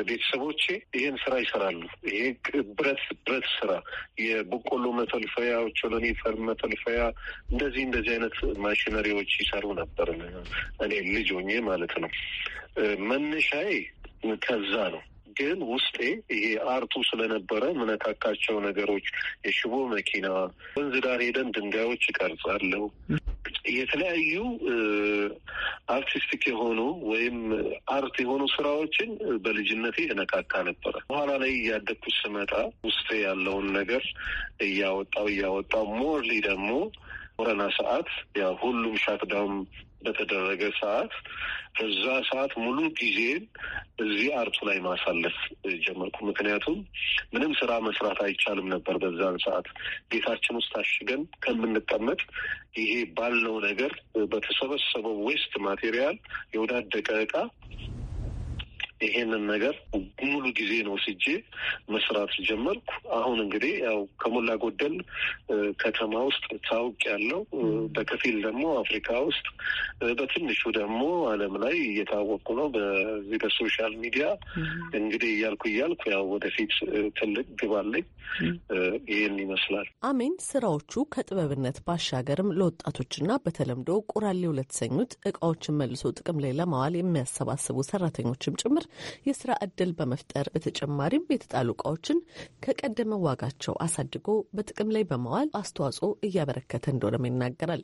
ቤተሰቦቼ ይህን ስራ ይሰራሉ። ይሄ ብረት ብረት ስራ የበቆሎ መተልፈያ፣ ኦቾሎኒ ፈር መተልፈያ እንደዚህ እንደዚህ አይነት ማሽነሪዎች ይሰሩ ነበር እኔ ልጅ ሆኜ ማለት ነው። መነሻዬ ከዛ ነው ግን ውስጤ ይሄ አርቱ ስለነበረ ምነካካቸው ነገሮች የሽቦ መኪና፣ ወንዝ ዳር ሄደን ድንጋዮች እቀርጻለሁ። የተለያዩ አርቲስቲክ የሆኑ ወይም አርት የሆኑ ስራዎችን በልጅነቴ እነካካ ነበረ። በኋላ ላይ እያደግኩ ስመጣ ውስጤ ያለውን ነገር እያወጣው እያወጣው ሞርሊ ደግሞ ወረና ሰዓት ያ ሁሉም ሻትዳውን በተደረገ ሰዓት እዛ ሰዓት ሙሉ ጊዜን እዚህ አርቱ ላይ ማሳለፍ ጀመርኩ። ምክንያቱም ምንም ስራ መስራት አይቻልም ነበር። በዛን ሰዓት ቤታችን ውስጥ ታሽገን ከምንቀመጥ ይሄ ባለው ነገር በተሰበሰበው ዌስት ማቴሪያል የወዳደቀ እቃ ይሄንን ነገር ሙሉ ጊዜ ነው ስጄ መስራት ጀመርኩ። አሁን እንግዲህ ያው ከሞላ ጎደል ከተማ ውስጥ ታውቅ ያለው በከፊል ደግሞ አፍሪካ ውስጥ በትንሹ ደግሞ ዓለም ላይ እየታወቁ ነው በዚህ በሶሻል ሚዲያ እንግዲህ እያልኩ እያልኩ ያው ወደፊት ትልቅ ግባለኝ ይህን ይመስላል። አሜን ስራዎቹ ከጥበብነት ባሻገርም ለወጣቶችና በተለምዶ ቁራሌው ለተሰኙት እቃዎችን መልሶ ጥቅም ላይ ለማዋል የሚያሰባስቡ ሰራተኞችም ጭምር የስራ እድል በመፍጠር በተጨማሪም የተጣሉ እቃዎችን ከቀደመ ዋጋቸው አሳድጎ በጥቅም ላይ በማዋል አስተዋጽኦ እያበረከተ እንደሆነም ይናገራል።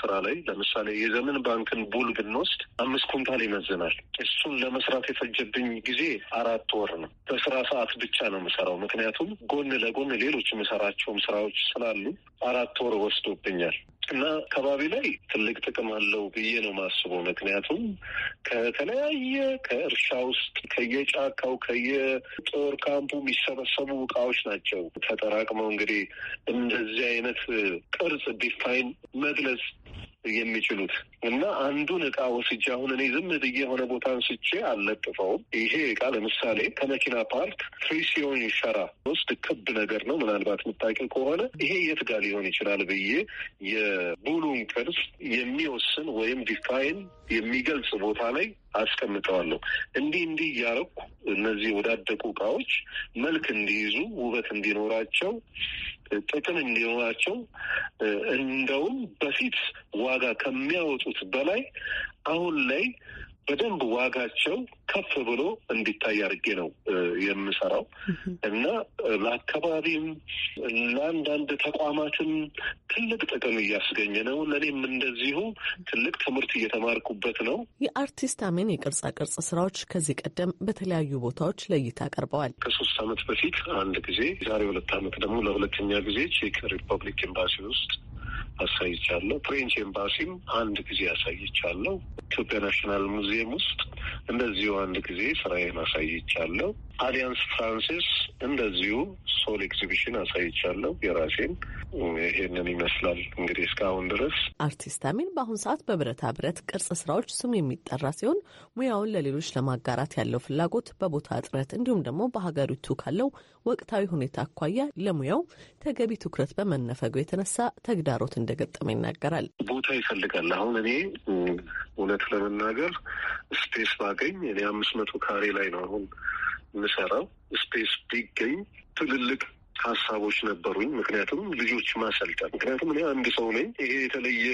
ስራ ላይ ለምሳሌ የዘመን ባንክን ቡል ብንወስድ አምስት ኩንታል ይመዝናል። እሱን ለመስራት የፈጀብኝ ጊዜ አራት ወር ነው። በስራ ሰዓት ብቻ ነው የምሰራው፣ ምክንያቱም ጎን ለጎን ሌሎች የምሰራቸውም ስራዎች ስላሉ አራት ወር ወስዶብኛል። እና አካባቢ ላይ ትልቅ ጥቅም አለው ብዬ ነው ማስበው። ምክንያቱም ከተለያየ ከእርሻ ውስጥ ከየጫካው ከየጦር ካምፑ የሚሰበሰቡ እቃዎች ናቸው ተጠራቅመው እንግዲህ እንደዚህ አይነት ቅርጽ ዲፋይን መግለጽ የሚችሉት እና አንዱን እቃ ወስጄ አሁን እኔ ዝም ብዬ የሆነ ቦታ አንስቼ አልለጥፈውም። ይሄ እቃ ለምሳሌ ከመኪና ፓርክ ፍሪሲዮን ሸራ ውስጥ ክብ ነገር ነው። ምናልባት የምታውቂው ከሆነ ይሄ የት ጋር ሊሆን ይችላል ብዬ የቡሉን ቅርጽ የሚወስን ወይም ዲፋይን የሚገልጽ ቦታ ላይ አስቀምጠዋለሁ። እንዲህ እንዲህ እያረኩ እነዚህ ወዳደቁ እቃዎች መልክ እንዲይዙ፣ ውበት እንዲኖራቸው፣ ጥቅም እንዲኖራቸው እንደውም በፊት ዋጋ ከሚያወጡት በላይ አሁን ላይ በደንብ ዋጋቸው ከፍ ብሎ እንዲታይ አድርጌ ነው የምሰራው እና ለአካባቢም ለአንዳንድ ተቋማትም ትልቅ ጥቅም እያስገኘ ነው። ለእኔም እንደዚሁ ትልቅ ትምህርት እየተማርኩበት ነው። የአርቲስት አሜን የቅርጻ ቅርጽ ስራዎች ከዚህ ቀደም በተለያዩ ቦታዎች ለእይታ ቀርበዋል። ከሶስት ዓመት በፊት አንድ ጊዜ፣ ዛሬ ሁለት ዓመት ደግሞ ለሁለተኛ ጊዜ ቼክ ሪፐብሊክ ኤምባሲ ውስጥ አሳይቻለሁ። ፍሬንች ኤምባሲም አንድ ጊዜ አሳይቻለሁ። ኢትዮጵያ ናሽናል ሙዚየም ውስጥ እንደዚሁ አንድ ጊዜ ስራዬን አሳይቻለሁ። አሊያንስ ፍራንሲስ እንደዚሁ ሶል ኤግዚቢሽን አሳይቻለሁ የራሴን። ይሄንን ይመስላል እንግዲህ እስካሁን ድረስ። አርቲስት አሚን በአሁን ሰዓት በብረታ ብረት ቅርጽ ስራዎች ስሙ የሚጠራ ሲሆን ሙያውን ለሌሎች ለማጋራት ያለው ፍላጎት በቦታ እጥረት እንዲሁም ደግሞ በሀገሪቱ ካለው ወቅታዊ ሁኔታ አኳያ ለሙያው ተገቢ ትኩረት በመነፈገው የተነሳ ተግዳሮት እንደገጠመ ይናገራል። ቦታ ይፈልጋል። አሁን እኔ እውነት ለመናገር ስፔስ ባገኝ እኔ አምስት መቶ ካሬ ላይ ነው አሁን የምሰራው። ስፔስ ቢገኝ ትልልቅ ሀሳቦች ነበሩኝ። ምክንያቱም ልጆች ማሰልጠን፣ ምክንያቱም እኔ አንድ ሰው ነኝ። ይሄ የተለየ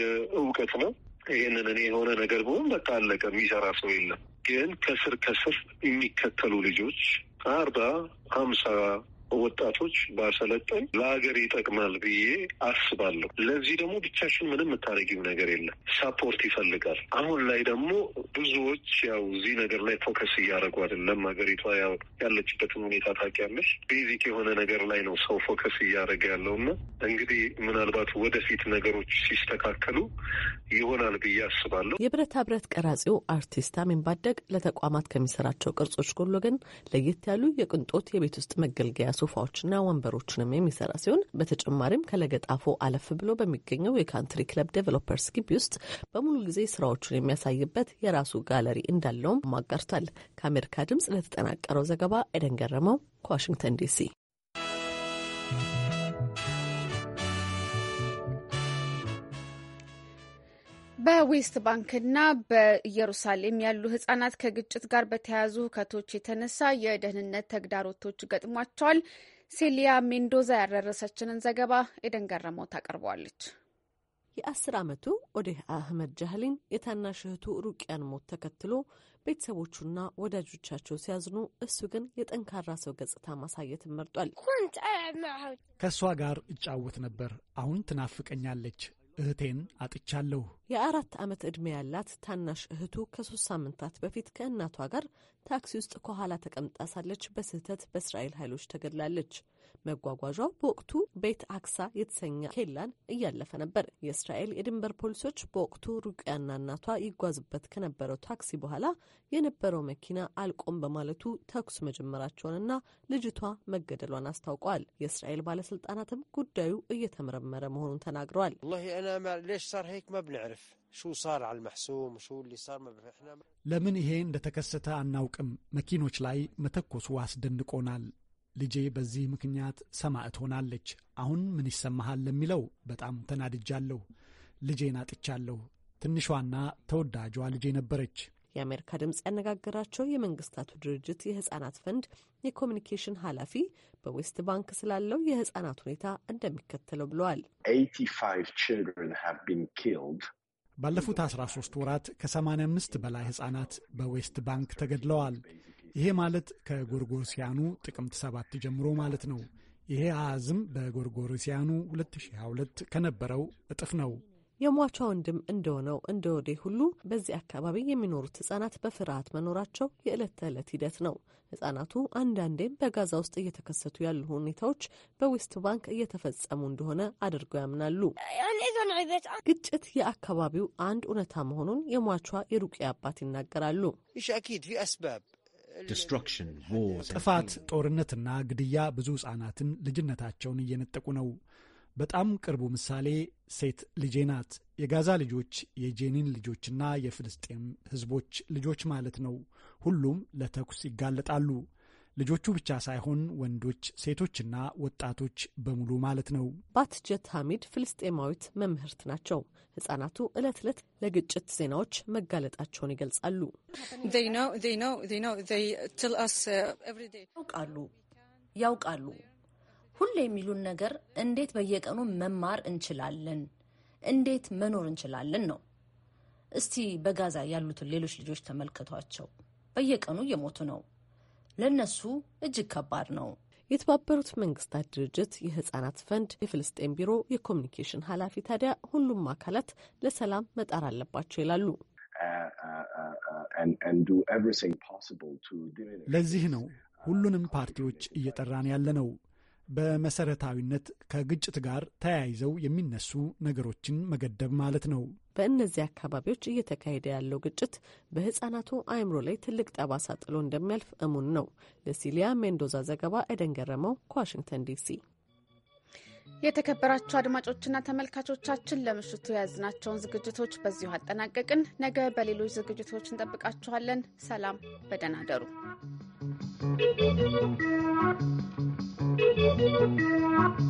እውቀት ነው። ይህንን እኔ የሆነ ነገር ብሆን በቃ አለቀ፣ የሚሰራ ሰው የለም። ግን ከስር ከስር የሚከተሉ ልጆች አርባ ሀምሳ ወጣቶች ባሰለጠን ለሀገር ይጠቅማል ብዬ አስባለሁ። ለዚህ ደግሞ ብቻችን ምንም የምታደርጊው ነገር የለም፣ ሳፖርት ይፈልጋል። አሁን ላይ ደግሞ ብዙዎች ያው እዚህ ነገር ላይ ፎከስ እያደረጉ አይደለም። ሀገሪቷ ያው ያለችበትን ሁኔታ ታውቂያለሽ። ቤዚክ የሆነ ነገር ላይ ነው ሰው ፎከስ እያደረገ ያለው እና እንግዲህ ምናልባት ወደፊት ነገሮች ሲስተካከሉ ይሆናል ብዬ አስባለሁ። የብረታ ብረት ቀራጺው አርቲስት አሜን ባደግ ለተቋማት ከሚሰራቸው ቅርጾች ጎሎ ግን ለየት ያሉ የቅንጦት የቤት ውስጥ መገልገያ ሶፋዎችና ወንበሮችንም የሚሰራ ሲሆን በተጨማሪም ከለገጣፎ አለፍ ብሎ በሚገኘው የካንትሪ ክለብ ዴቨሎፐርስ ግቢ ውስጥ በሙሉ ጊዜ ስራዎቹን የሚያሳይበት የራሱ ጋለሪ እንዳለውም አጋርቷል። ከአሜሪካ ድምጽ ለተጠናቀረው ዘገባ ኤደን ገረመው ከዋሽንግተን ዲሲ። በዌስት ባንክና በኢየሩሳሌም ያሉ ህጻናት ከግጭት ጋር በተያያዙ ሁከቶች የተነሳ የደህንነት ተግዳሮቶች ገጥሟቸዋል። ሴሊያ ሜንዶዛ ያደረሰችንን ዘገባ ኤደን ገረመው ታቀርበዋለች። የአስር ዓመቱ ኦዴህ አህመድ ጃህሊን የታናሽ እህቱ ሩቅያን ሞት ተከትሎ ቤተሰቦቹና ወዳጆቻቸው ሲያዝኑ፣ እሱ ግን የጠንካራ ሰው ገጽታ ማሳየት መርጧል። ከእሷ ጋር እጫወት ነበር። አሁን ትናፍቀኛለች እህቴን አጥቻለሁ። የአራት ዓመት ዕድሜ ያላት ታናሽ እህቱ ከሶስት ሳምንታት በፊት ከእናቷ ጋር ታክሲ ውስጥ ከኋላ ተቀምጣ ሳለች በስህተት በእስራኤል ኃይሎች ተገድላለች። መጓጓዣው በወቅቱ ቤት አክሳ የተሰኘ ኬላን እያለፈ ነበር። የእስራኤል የድንበር ፖሊሶች በወቅቱ ሩቅያና እናቷ ይጓዙበት ከነበረው ታክሲ በኋላ የነበረው መኪና አልቆም በማለቱ ተኩስ መጀመራቸውንና ልጅቷ መገደሏን አስታውቋል። የእስራኤል ባለስልጣናትም ጉዳዩ እየተመረመረ መሆኑን ተናግረዋል። ለምን ይሄ እንደተከሰተ አናውቅም። መኪኖች ላይ መተኮሱ አስደንቆናል። ልጄ በዚህ ምክንያት ሰማዕት ሆናለች። አሁን ምን ይሰማሃል ለሚለው በጣም ተናድጃለሁ። ልጄን አጥቻለሁ። ትንሿና ተወዳጇ ልጄ ነበረች። የአሜሪካ ድምፅ ያነጋገራቸው የመንግስታቱ ድርጅት የህጻናት ፈንድ የኮሚኒኬሽን ኃላፊ በዌስት ባንክ ስላለው የህጻናት ሁኔታ እንደሚከተለው ብለዋል። ባለፉት 13 ወራት ከ85 በላይ ህጻናት በዌስት ባንክ ተገድለዋል። ይሄ ማለት ከጎርጎርሲያኑ ጥቅምት ሰባት ጀምሮ ማለት ነው። ይሄ አሃዝም በጎርጎርሲያኑ 2022 ከነበረው እጥፍ ነው። የሟቿ ወንድም እንደሆነው እንደ ወዴ ሁሉ በዚህ አካባቢ የሚኖሩት ህጻናት በፍርሃት መኖራቸው የዕለት ተዕለት ሂደት ነው። ህጻናቱ አንዳንዴም በጋዛ ውስጥ እየተከሰቱ ያሉ ሁኔታዎች በዌስት ባንክ እየተፈጸሙ እንደሆነ አድርገው ያምናሉ። ግጭት የአካባቢው አንድ እውነታ መሆኑን የሟቿ የሩቅ አባት ይናገራሉ። ጥፋት፣ ጦርነትና ግድያ ብዙ ሕፃናትን ልጅነታቸውን እየነጠቁ ነው። በጣም ቅርቡ ምሳሌ ሴት ልጄ ናት። የጋዛ ልጆች፣ የጄኒን ልጆችና የፍልስጤም ሕዝቦች ልጆች ማለት ነው። ሁሉም ለተኩስ ይጋለጣሉ። ልጆቹ ብቻ ሳይሆን ወንዶች፣ ሴቶችና ወጣቶች በሙሉ ማለት ነው። ባትጀት ሐሚድ ፍልስጤማዊት መምህርት ናቸው። ህጻናቱ ዕለት ዕለት ለግጭት ዜናዎች መጋለጣቸውን ይገልጻሉ። uh, ያውቃሉ ያውቃሉ ሁሌ የሚሉን ነገር እንዴት በየቀኑ መማር እንችላለን፣ እንዴት መኖር እንችላለን ነው። እስቲ በጋዛ ያሉትን ሌሎች ልጆች ተመልከቷቸው። በየቀኑ እየሞቱ ነው። ለነሱ እጅግ ከባድ ነው። የተባበሩት መንግስታት ድርጅት የህጻናት ፈንድ የፍልስጤን ቢሮ የኮሚኒኬሽን ኃላፊ ታዲያ ሁሉም አካላት ለሰላም መጣር አለባቸው ይላሉ። ለዚህ ነው ሁሉንም ፓርቲዎች እየጠራን ያለ ነው። በመሰረታዊነት ከግጭት ጋር ተያይዘው የሚነሱ ነገሮችን መገደብ ማለት ነው። በእነዚህ አካባቢዎች እየተካሄደ ያለው ግጭት በህጻናቱ አእምሮ ላይ ትልቅ ጠባሳ ጥሎ እንደሚያልፍ እሙን ነው። ለሲሊያ ሜንዶዛ ዘገባ ኤደን ገረመው ከዋሽንግተን ዲሲ። የተከበራችሁ አድማጮችና ተመልካቾቻችን ለምሽቱ የያዝናቸውን ዝግጅቶች በዚሁ አጠናቀቅን። ነገ በሌሎች ዝግጅቶች እንጠብቃችኋለን። ሰላም፣ በደህና እደሩ። Thank you.